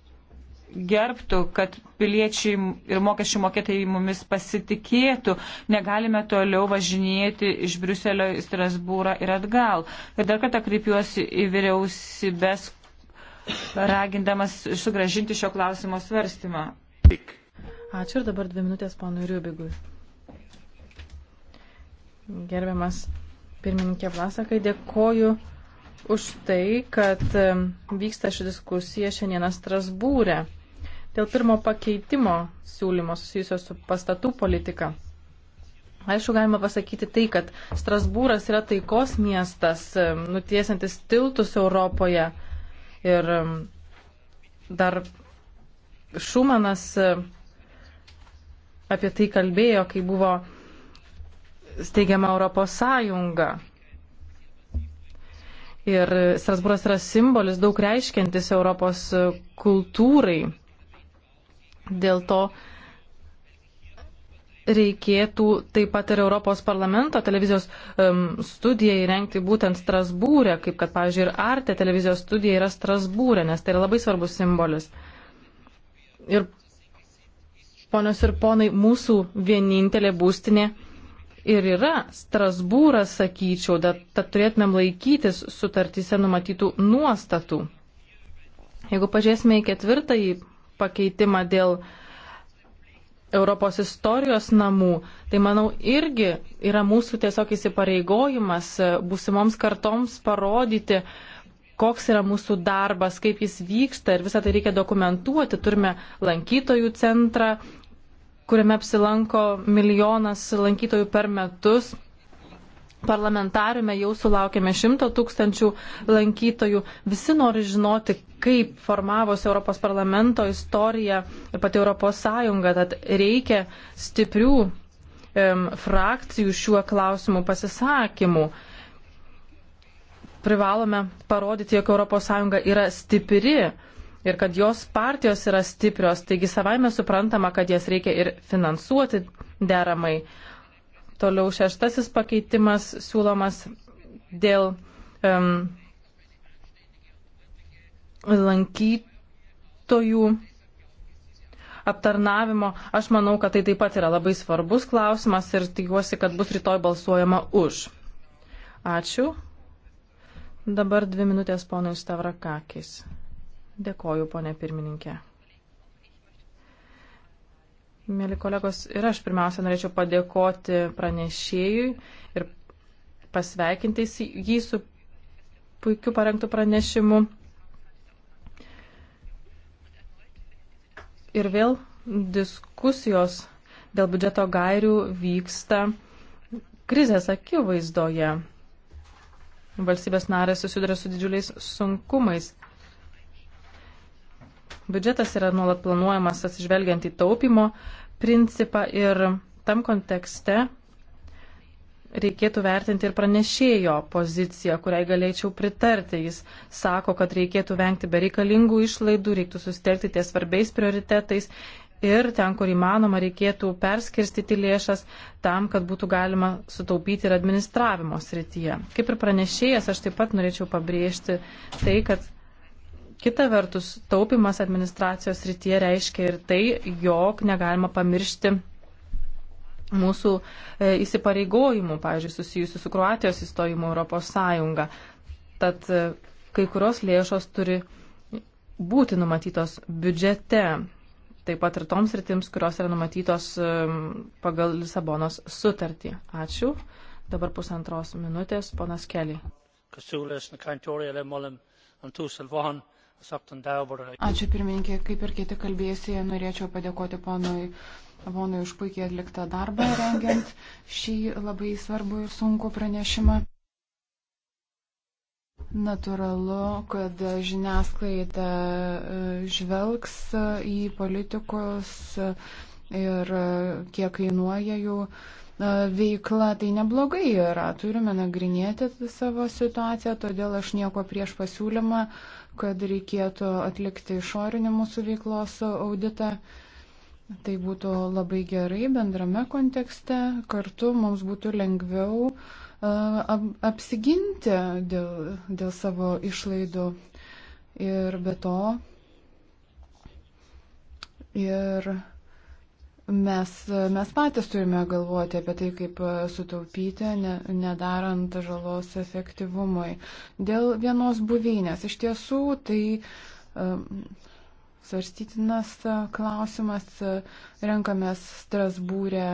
gerbtų, kad piliečiai ir mokesčių mokėtojai mumis pasitikėtų. Negalime toliau važinėti iš Briuselio į Strasbūrą ir atgal. Ir dar kartą kreipiuosi į vyriausybės, ragindamas sugražinti šio klausimo svarstymą. Ačiū ir dabar dvi minutės ponui Riubigui. Gerbiamas pirmininkė Vlasakai, dėkoju už tai, kad um, vyksta ši diskusija šiandieną Strasbūrė. Dėl pirmo pakeitimo siūlymo susijusio su pastatų politika. Aišku, galima pasakyti tai, kad Strasbūras yra taikos miestas, nutiesantis tiltus Europoje. Ir dar Šumanas apie tai kalbėjo, kai buvo steigiama Europos Sąjunga. Ir Strasbūras yra simbolis daug reiškiantis Europos kultūrai. Dėl to reikėtų taip pat ir Europos parlamento televizijos um, studiją įrengti būtent Strasbūrė, kaip kad, pavyzdžiui, ir Arte televizijos studija yra Strasbūrė, nes tai yra labai svarbus simbolis. Ir ponios ir ponai, mūsų vienintelė būstinė ir yra Strasbūras, sakyčiau, tad turėtumėm laikytis sutartyse numatytų nuostatų. Jeigu pažiūrėsime į ketvirtąjį pakeitimą dėl Europos istorijos namų, tai manau irgi yra mūsų tiesiog įsipareigojimas e, būsimoms kartoms parodyti, koks yra mūsų darbas, kaip jis vyksta ir visą tai reikia dokumentuoti. Turime lankytojų centrą, kuriame apsilanko milijonas lankytojų per metus parlamentariume jau sulaukėme šimto tūkstančių lankytojų. Visi nori žinoti, kaip formavosi Europos parlamento istorija ir pati Europos Sąjunga. Tad reikia stiprių um, e, frakcijų šiuo klausimu pasisakymų. Privalome parodyti, jog Europos Sąjunga yra stipri ir kad jos partijos yra stiprios, taigi savaime suprantama, kad jas reikia ir finansuoti deramai. Toliau šeštasis pakeitimas siūlomas dėl um, lankytojų aptarnavimo. Aš manau, kad tai taip pat yra labai svarbus klausimas ir tikiuosi, kad bus rytoj balsuojama už. Ačiū. Dabar dvi minutės ponui Stavrakakis. Dėkoju, ponė pirmininkė. Mėly kolegos, ir aš pirmiausia norėčiau padėkoti pranešėjui ir pasveikinti jį su puikiu parengtu pranešimu. Ir vėl diskusijos dėl biudžeto gairių vyksta krizės akivaizdoje. Valstybės narės susiduria su didžiuliais sunkumais. Biudžetas yra nuolat planuojamas atsižvelgiant į taupimo principą ir tam kontekste reikėtų vertinti ir pranešėjo poziciją, kuriai galėčiau pritarti. Jis sako, kad reikėtų vengti bereikalingų išlaidų, reiktų susitelkti ties svarbiais prioritetais ir ten, kur įmanoma, reikėtų perskirstyti lėšas tam, kad būtų galima sutaupyti ir administravimo srityje. Kaip ir pranešėjas, aš taip pat norėčiau pabrėžti tai, kad Kita vertus, taupimas administracijos rytyje reiškia ir tai, jog negalima pamiršti mūsų e, įsipareigojimų, pavyzdžiui, susijusių su Kroatijos įstojimu Europos Sąjunga. Tad e, kai kurios lėšos turi būti numatytos biudžete, taip pat ir toms rytims, kurios yra numatytos pagal Lisabonos sutartį. Ačiū. Dabar pusantros minutės, ponas Kelly. Ačiū pirmininkė, kaip ir kiti kalbėjusiai, norėčiau padėkoti ponui Vonui už puikiai atliktą darbą rengiant šį labai svarbų ir sunkų pranešimą. Natūralu, kad žiniasklaida e, žvelgs e, į politikus e, ir kiek kainuoja jų. Jau veikla, tai neblogai yra. Turime nagrinėti savo situaciją, todėl aš nieko prieš pasiūlymą, kad reikėtų atlikti išorinį mūsų veiklos auditą. Tai būtų labai gerai bendrame kontekste, kartu mums būtų lengviau apsiginti dėl, dėl savo išlaidų. Ir be to, ir Mes, mes patys turime galvoti apie tai, kaip sutaupyti, ne, nedarant žalos efektyvumui. Dėl vienos buveinės. Iš tiesų, tai um, svarstytinas klausimas. Renkamės Strasbūrė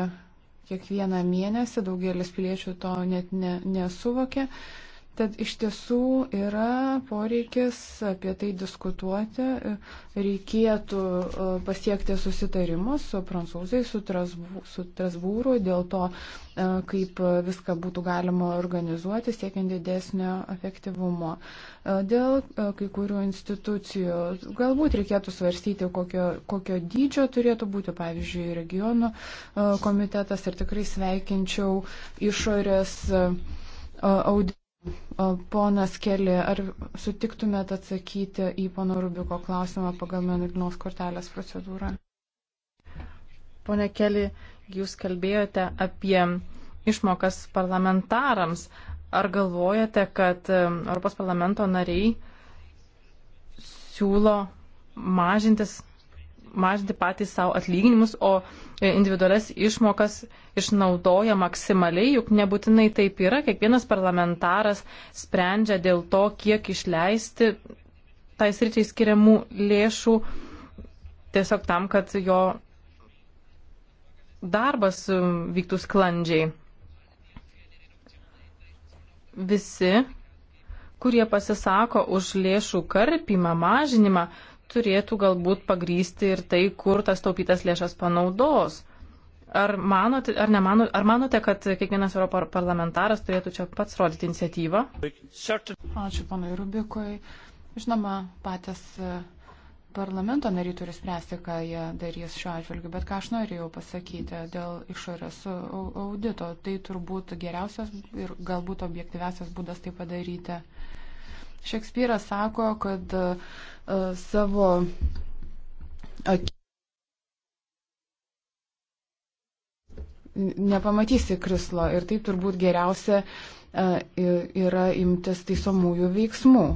kiekvieną mėnesį, daugelis piliečių to net ne, nesuvokia. Uh, Tad iš tiesų yra poreikis apie tai diskutuoti. Reikėtų e, pasiekti susitarimus su prancūzais, su, Trasbū, su Trasbūru dėl to, e, kaip viską būtų galima organizuoti, siekiant didesnio efektyvumo. E, dėl kai kurių institucijų galbūt reikėtų svarstyti, kokio, kokio dydžio turėtų būti, pavyzdžiui, regionų komitetas ir tikrai sveikinčiau išorės auditą Ponas Keli, ar sutiktumėt atsakyti į pono Rubiko klausimą pagal meninos kortelės procedūrą? Pone Keli, jūs kalbėjote apie išmokas parlamentarams. Ar galvojate, kad e, Europos parlamento nariai siūlo mažintis mažinti patys savo atlyginimus, o e, individualias išmokas išnaudoja maksimaliai, juk nebūtinai taip yra. Kiekvienas parlamentaras sprendžia dėl to, kiek išleisti tai sričiai skiriamų lėšų tiesiog tam, kad jo darbas e, vyktų sklandžiai. Visi, kurie pasisako už lėšų karpimą, mažinimą, turėtų galbūt pagrysti ir tai, kur tas taupytas lėšas panaudos. Ar manote, ar, nemano, ar manote, kad kiekvienas europarlamentaras turėtų čia pats rodyti iniciatyvą? Ačiū panui Rubikui. Žinoma, patys e, parlamento nariai turi spręsti, ką jie darys šiuo atžvilgiu, bet ką aš norėjau pasakyti dėl išorės audito, tai turbūt geriausias ir galbūt objektyviausias būdas tai padaryti. Šekspyras sako, kad uh, savo akį. nepamatysi krislo ir taip turbūt geriausia e, yra imtis taisomųjų veiksmų.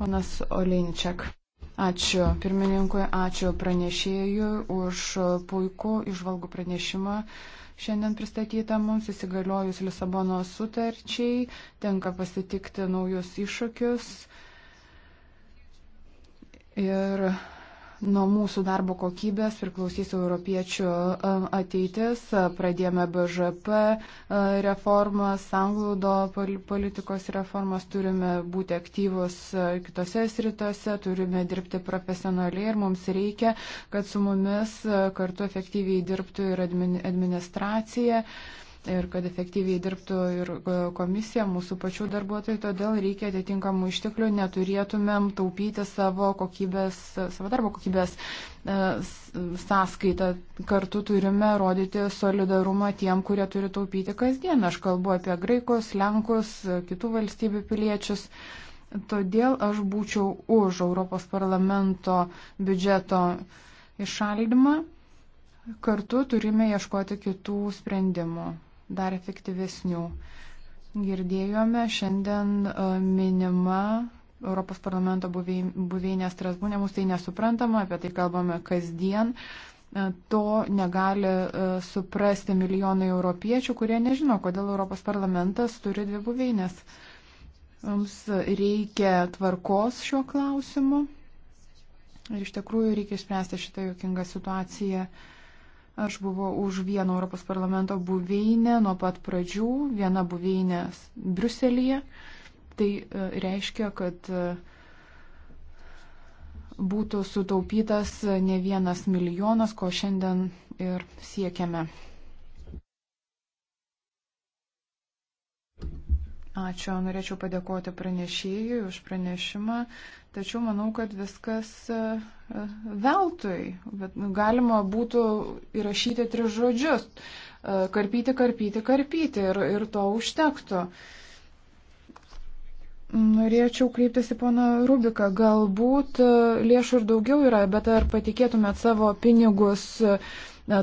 Panas Olinčiak. Ačiū pirmininkui, ačiū pranešėjui už puikų išvalgų pranešimą. Šiandien pristatyta mums įsigaliojus Lisabono sutarčiai, tenka pasitikti naujus iššūkius. Ir Nuo mūsų darbo kokybės priklausys europiečių e, ateitis. Pradėjome BŽP e, reformas, sanglūdo politikos reformas, turime būti aktyvus e, kitose sritose, turime dirbti profesionaliai ir mums reikia, kad su mumis kartu efektyviai dirbtų ir administracija ir kad efektyviai dirbtų ir e, komisija, mūsų pačių darbuotojai, todėl reikia atitinkamų išteklių, neturėtumėm taupyti savo, kokybės, savo darbo kokybės e, sąskaitą. Kartu turime rodyti solidarumą tiem, kurie turi taupyti kasdien. Aš kalbu apie graikus, lenkus, kitų valstybių piliečius. Todėl aš būčiau už Europos parlamento biudžeto išaldymą. Kartu turime ieškoti kitų sprendimų dar efektyvesnių. Girdėjome šiandien e, minima Europos parlamento buveinė Strasbūnė, mums tai nesuprantama, apie tai kalbame kasdien. E, to negali e, suprasti milijonai europiečių, kurie nežino, kodėl Europos parlamentas turi dvi buveinės. Mums reikia tvarkos šiuo klausimu ir iš tikrųjų reikia išspręsti šitą jokingą situaciją. Uh, Aš buvau už vieną Europos parlamento buveinę nuo pat pradžių, viena buveinė Bruselėje. Tai e, reiškia, kad e, būtų sutaupytas ne vienas milijonas, ko šiandien ir siekiame. Ačiū, norėčiau padėkoti pranešėjui už pranešimą, tačiau manau, kad viskas e, e, veltui. Bet galima būtų įrašyti tris žodžius e, - karpyti, karpyti, karpyti ir, ir to užtektų. Norėčiau kreiptis į poną Rubiką. Galbūt lėšų ir daugiau yra, bet ar patikėtumėt savo pinigus uh,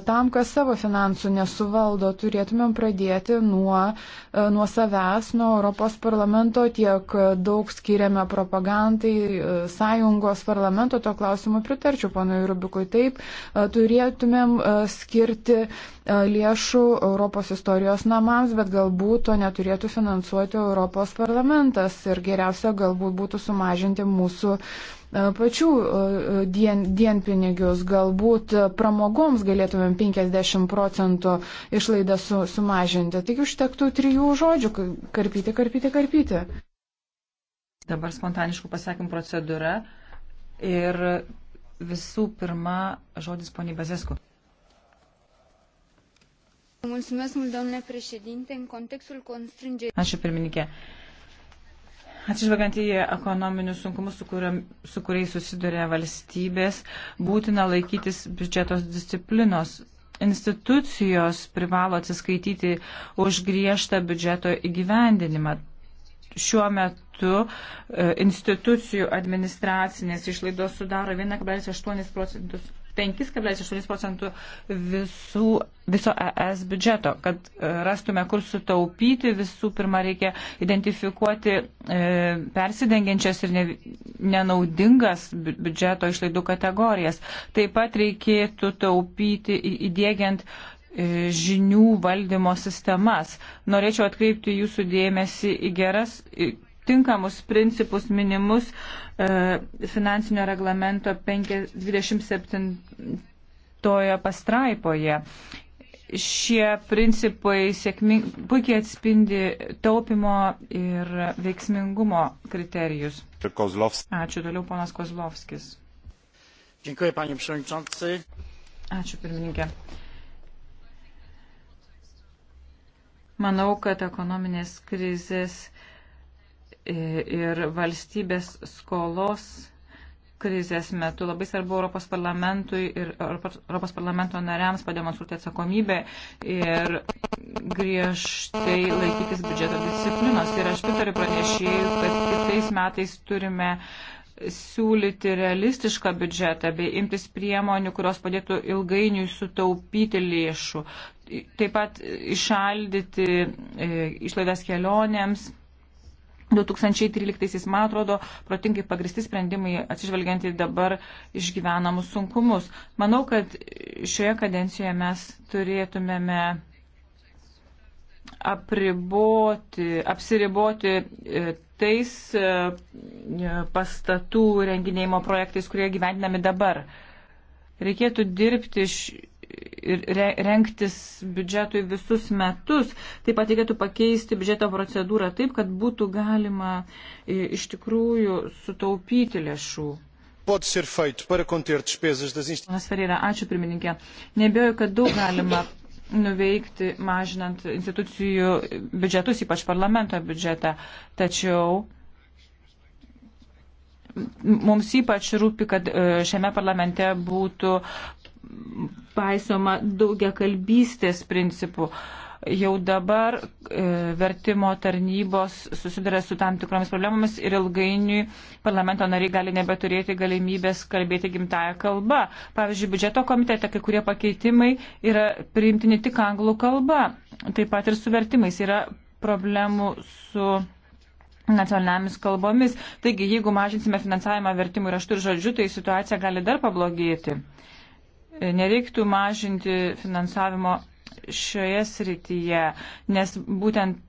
tam, kas savo finansų nesuvaldo, turėtumėm pradėti nuo, e, nuo savęs, nuo Europos parlamento, tiek daug skiriame propagandai, e, sąjungos parlamento, to klausimu pritarčiau, ponui Rubikui, taip, e, turėtumėm skirti lėšų Europos istorijos namams, bet galbūt to neturėtų finansuoti Europos parlamentas ir geriausia galbūt būtų sumažinti mūsų uh, E, pačių e, dien, dienpinigius, galbūt pramogoms galėtumėm 50 procentų išlaidą su, sumažinti. Tik užtektų trijų žodžių - karpyti, karpyti, karpyti. Dabar spontaniškų pasakymų procedūra ir visų pirma žodis poniai Bazesku. Ačiū pirmininkė. Atsižvelgiant į ekonominius sunkumus, su, kuriam, su kuriais susiduria valstybės, būtina laikytis biudžetos disciplinos. Institucijos privalo atsiskaityti už griežtą biudžeto įgyvendinimą. Šiuo metu e, institucijų administracinės išlaidos sudaro 1,8 procentus 5,8 procentų visų, viso ES biudžeto. Kad e, rastume, kur sutaupyti, visų pirma reikia identifikuoti e, persidengiančias ir ne, nenaudingas biudžeto išlaidų kategorijas. Taip pat reikėtų taupyti įdėgiant e, žinių valdymo sistemas. Norėčiau atkreipti jūsų dėmesį į geras tinkamus principus minimus e, finansinio reglamento 27 pastraipoje. Šie principai sėkming, puikiai atspindi taupimo ir veiksmingumo kriterijus. Ačiū toliau, ponas Kozlovskis. Dziękuję, panie przewodniczący. Ačiū, pirmininkė. Manau, kad ekonominės krizės uh, ir valstybės skolos krizės metu. Labai svarbu Europos parlamentui ir Europos parlamento nariams pademonstruoti atsakomybę ir griežtai laikytis biudžeto disciplinos. Ir aš pritariu pranešėjų, kad kitais metais turime siūlyti realistišką biudžetą bei imtis priemonių, kurios padėtų ilgainiui sutaupyti lėšų. Taip pat išaldyti e, išlaidas kelionėms 2013, man atrodo, protingai pagristi sprendimai atsižvelgiant į dabar išgyvenamus sunkumus. Manau, kad šioje kadencijoje mes turėtumėme apriboti, apsiriboti e, tais e, e, pastatų renginėjimo projektais, kurie gyvendinami dabar. Reikėtų dirbti š ir renktis biudžetui visus metus. Taip pat reikėtų pakeisti biudžeto procedūrą taip, kad būtų galima iš tikrųjų sutaupyti lėšų. Pode ser feito para conter despesas das instituições. Ačiū pirmininkė. Nebėjau, kad daug galima nuveikti, mažinant institucijų biudžetus, ypač parlamento biudžetą. Tačiau mums ypač rūpi, kad e, šiame parlamente būtų paisoma daugia kalbystės principų. Jau dabar e, vertimo tarnybos susiduria su tam tikromis problemomis ir ilgainiui parlamento nariai gali nebeturėti galimybės kalbėti gimtają kalbą. Pavyzdžiui, biudžeto komitete kai kurie pakeitimai yra priimtini tik anglų kalba. Taip pat ir su vertimais yra problemų su nacionalinėmis kalbomis. Taigi, jeigu mažinsime finansavimą vertimų raštų ir žodžių, tai situacija gali dar pablogėti nereiktų mažinti finansavimo šioje srityje, nes būtent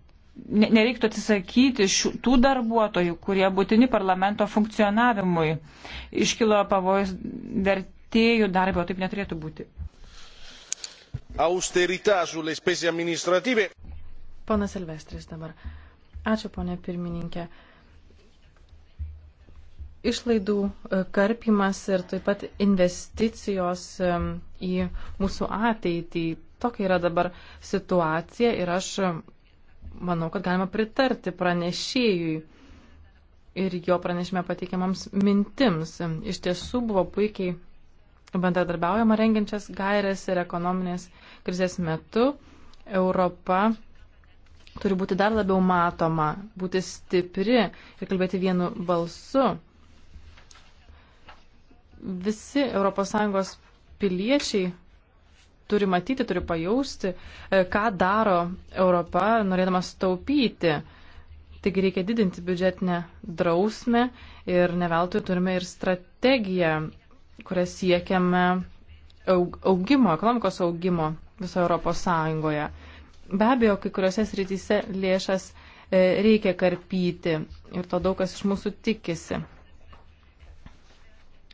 nereiktų atsisakyti šių, tų darbuotojų, kurie būtini parlamento funkcionavimui. Iškilo pavojus vertėjų darbo, taip neturėtų būti. Austerita sulle spese amministrative. Pana Silvestris dabar. Ačiū, ponė pirmininkė išlaidų e, karpimas ir taip pat investicijos e, į mūsų ateitį. Tokia yra dabar situacija ir aš e, manau, kad galima pritarti pranešėjui ir jo pranešime pateikiamams mintims. Iš tiesų buvo puikiai bendradarbiaujama rengiančias gairias ir ekonominės krizės metu Europa turi būti dar labiau matoma, būti stipri ir kalbėti vienu balsu visi ES piliečiai turi matyti, turi pajausti, e, ką daro Europa, norėdamas taupyti. Taigi reikia didinti biudžetinę drausmę ir neveltui turime ir strategiją, kurią siekiame augimo, ekonomikos augimo viso Europos Sąjungoje. Be abejo, kai kuriuose srityse lėšas e, reikia karpyti ir to daug kas iš mūsų tikisi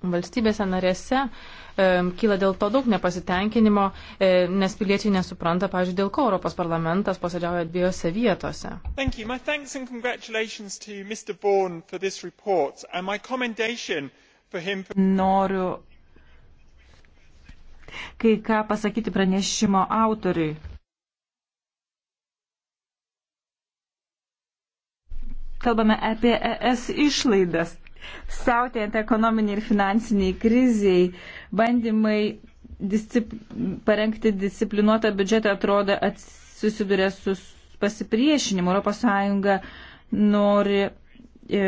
valstybėse narėse e, kyla dėl to daug nepasitenkinimo, e, nes piliečiai nesupranta, pažiūrėjau, dėl ko Europos parlamentas posėdžiauja dviejose vietose. Noriu kai ką pasakyti pranešimo autoriui. Kalbame apie ES išlaidas siautėjant ekonominiai ir finansiniai kriziai, bandymai discip, parengti disciplinuotą biudžetą atrodo susiduria su pasipriešinimu. ES nori e,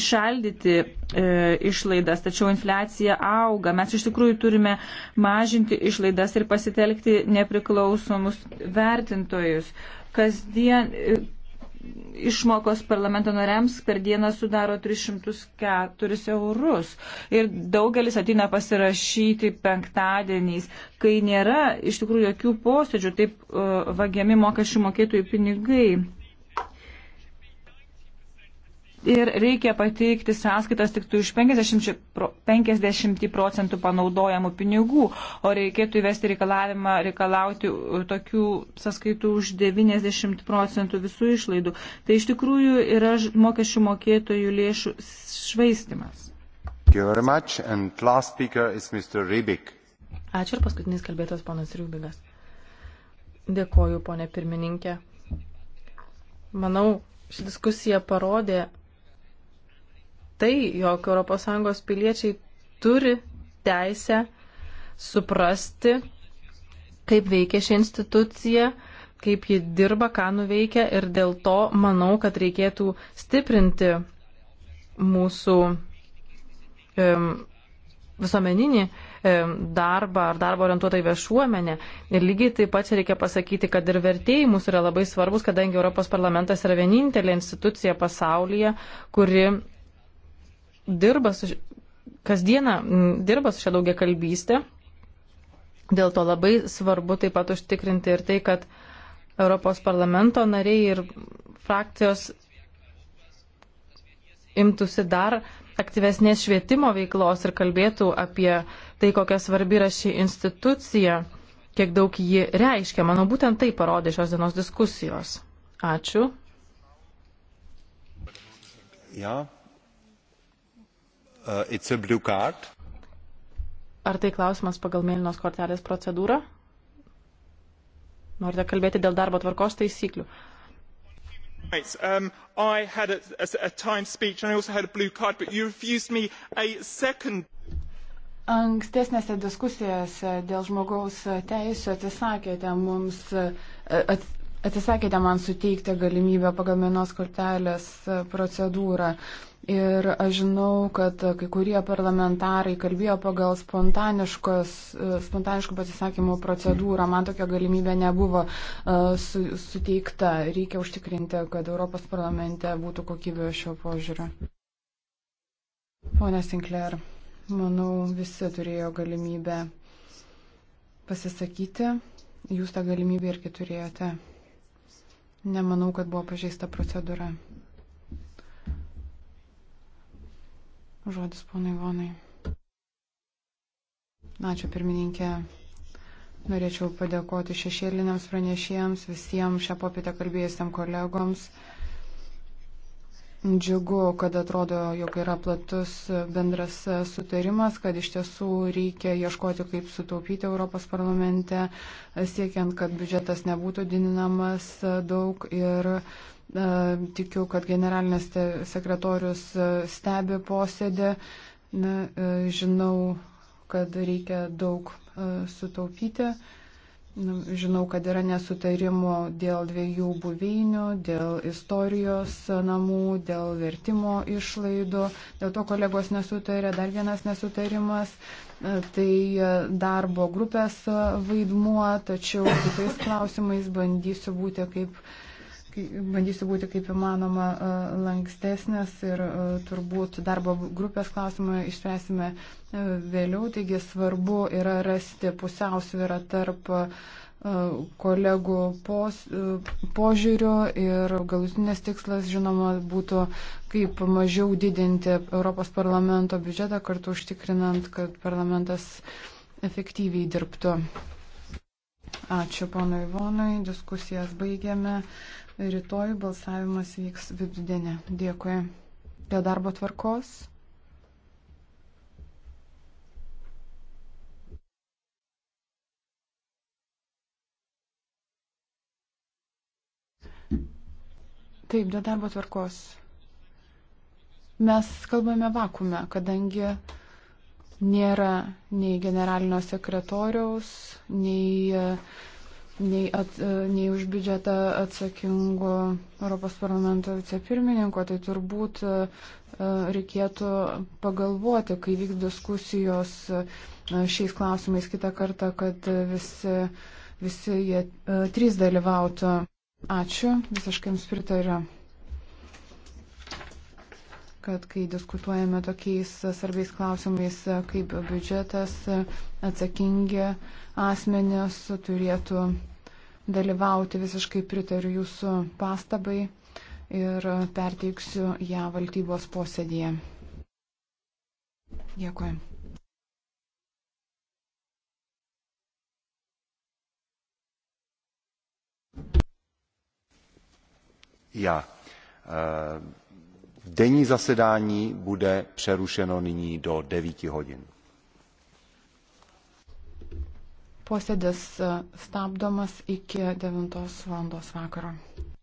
išaldyti e, išlaidas, tačiau infliacija auga. Mes iš tikrųjų turime mažinti išlaidas ir pasitelkti nepriklausomus vertintojus. Kasdien, e, išmokos parlamento nariams per dieną sudaro 304 eurus. Ir daugelis ateina pasirašyti penktadieniais, kai nėra iš tikrųjų jokių posėdžių, taip uh, vagiami mokesčių mokėtojų pinigai ir reikia pateikti sąskaitas tik iš 50, 50 procentų panaudojamų pinigų, o reikėtų įvesti reikalavimą reikalauti tokių sąskaitų už 90 procentų visų išlaidų. Tai iš tikrųjų yra mokesčių mokėtojų lėšų švaistimas. Ačiū ir paskutinis kalbėtas ponas Rybigas. Dėkoju, ponė pirmininkė. Manau, ši diskusija parodė, tai, jog ES piliečiai turi teisę suprasti, kaip veikia ši institucija, kaip ji dirba, ką nuveikia ir dėl to manau, kad reikėtų stiprinti mūsų um, visuomeninį um, darbą ar darbą orientuotą į viešuomenę. Ir lygiai taip pat čia reikia pasakyti, kad ir vertėjai mūsų yra labai svarbus, kadangi Europos parlamentas yra vienintelė institucija pasaulyje, kuri dirba su, kasdieną dirba su šia daugia kalbystė. Dėl to labai svarbu taip pat užtikrinti ir tai, kad Europos parlamento nariai ir frakcijos imtųsi dar aktyvesnės švietimo veiklos ir kalbėtų apie tai, kokia svarbi yra ši institucija, kiek daug ji reiškia. Manau, būtent tai parodė šios dienos diskusijos. Ačiū. Ja, Uh, it's a blue card. Ar tai klausimas pagal mėlynos kortelės procedūrą? Norite kalbėti dėl darbo tvarkos taisyklių? rights. Um, I had a, a, a time speech and I also had a blue card, but you refused me a second. Ankstesnėse diskusijose dėl žmogaus teisų atsisakėte, mums, atsisakėte man suteikti galimybę pagal vienos kortelės procedūrą. Ir aš žinau, kad kai kurie parlamentarai kalbėjo pagal e, spontaniškų pasisakymų procedūrą. Man tokia galimybė nebuvo e, su, suteikta. Reikia užtikrinti, kad Europos parlamente būtų kokybė šio požiūrio. Pone Sinclair, manau, visi turėjo galimybę pasisakyti. Jūs tą galimybę irgi turėjote. Nemanau, kad buvo pažeista procedūra. Žodis ponai Vonai. Ačiū pirmininkė. Norėčiau padėkoti šešėliniams pranešėjams, visiems šią popietę kalbėjusiam kolegoms. Džiugu, kad atrodo, jog yra platus bendras sutarimas, kad iš tiesų reikia ieškoti, kaip sutaupyti Europos parlamente, siekiant, kad biudžetas nebūtų didinamas daug ir e, tikiu, kad generalinis sekretorius stebi posėdį. Na, e, žinau, kad reikia daug e, sutaupyti. E, Nu, žinau, kad yra nesutarimų dėl dviejų buveinių, dėl istorijos namų, dėl vertimo išlaidų. Dėl to kolegos nesutarė. Dar vienas nesutarimas e, - tai e, darbo grupės vaidmuo, tačiau kitais klausimais bandysiu būti kaip bandysiu būti kaip įmanoma e, lankstesnės ir e, turbūt darbo grupės klausimą išspręsime e, vėliau. Taigi svarbu yra rasti pusiausvyrą tarp kolegų pos, požiūrių ir galutinės tikslas, žinoma, būtų kaip mažiau didinti Europos parlamento biudžetą, kartu užtikrinant, kad parlamentas efektyviai dirbtų. Ačiū ponui Vonui, diskusijas baigėme. Rytoj balsavimas vyks vidudienė. Dėkui. Dėl darbo tvarkos. Taip, dėl darbo tvarkos. Mes kalbame vakume, kadangi nėra nei generalinio sekretoriaus, nei uh, nei, at, nei už biudžetą atsakingų Europos parlamento vicepirmininko, tai turbūt e, reikėtų pagalvoti, kai vyks diskusijos e, šiais klausimais kitą kartą, kad visi, visi jie e, trys dalyvautų. Ačiū, visiškai jums pritariu kad kai diskutuojame tokiais svarbiais klausimais kaip biudžetas, atsakingi asmenės turėtų dalyvauti. Visiškai pritariu jūsų pastabai ir perteiksiu ją valdybos posėdėje. Dėkui. Ja. Äh, uh denní zasedání bude přerušeno nyní do 9 hodin. Posėdis e, stabdomas iki 9 val. vakaro.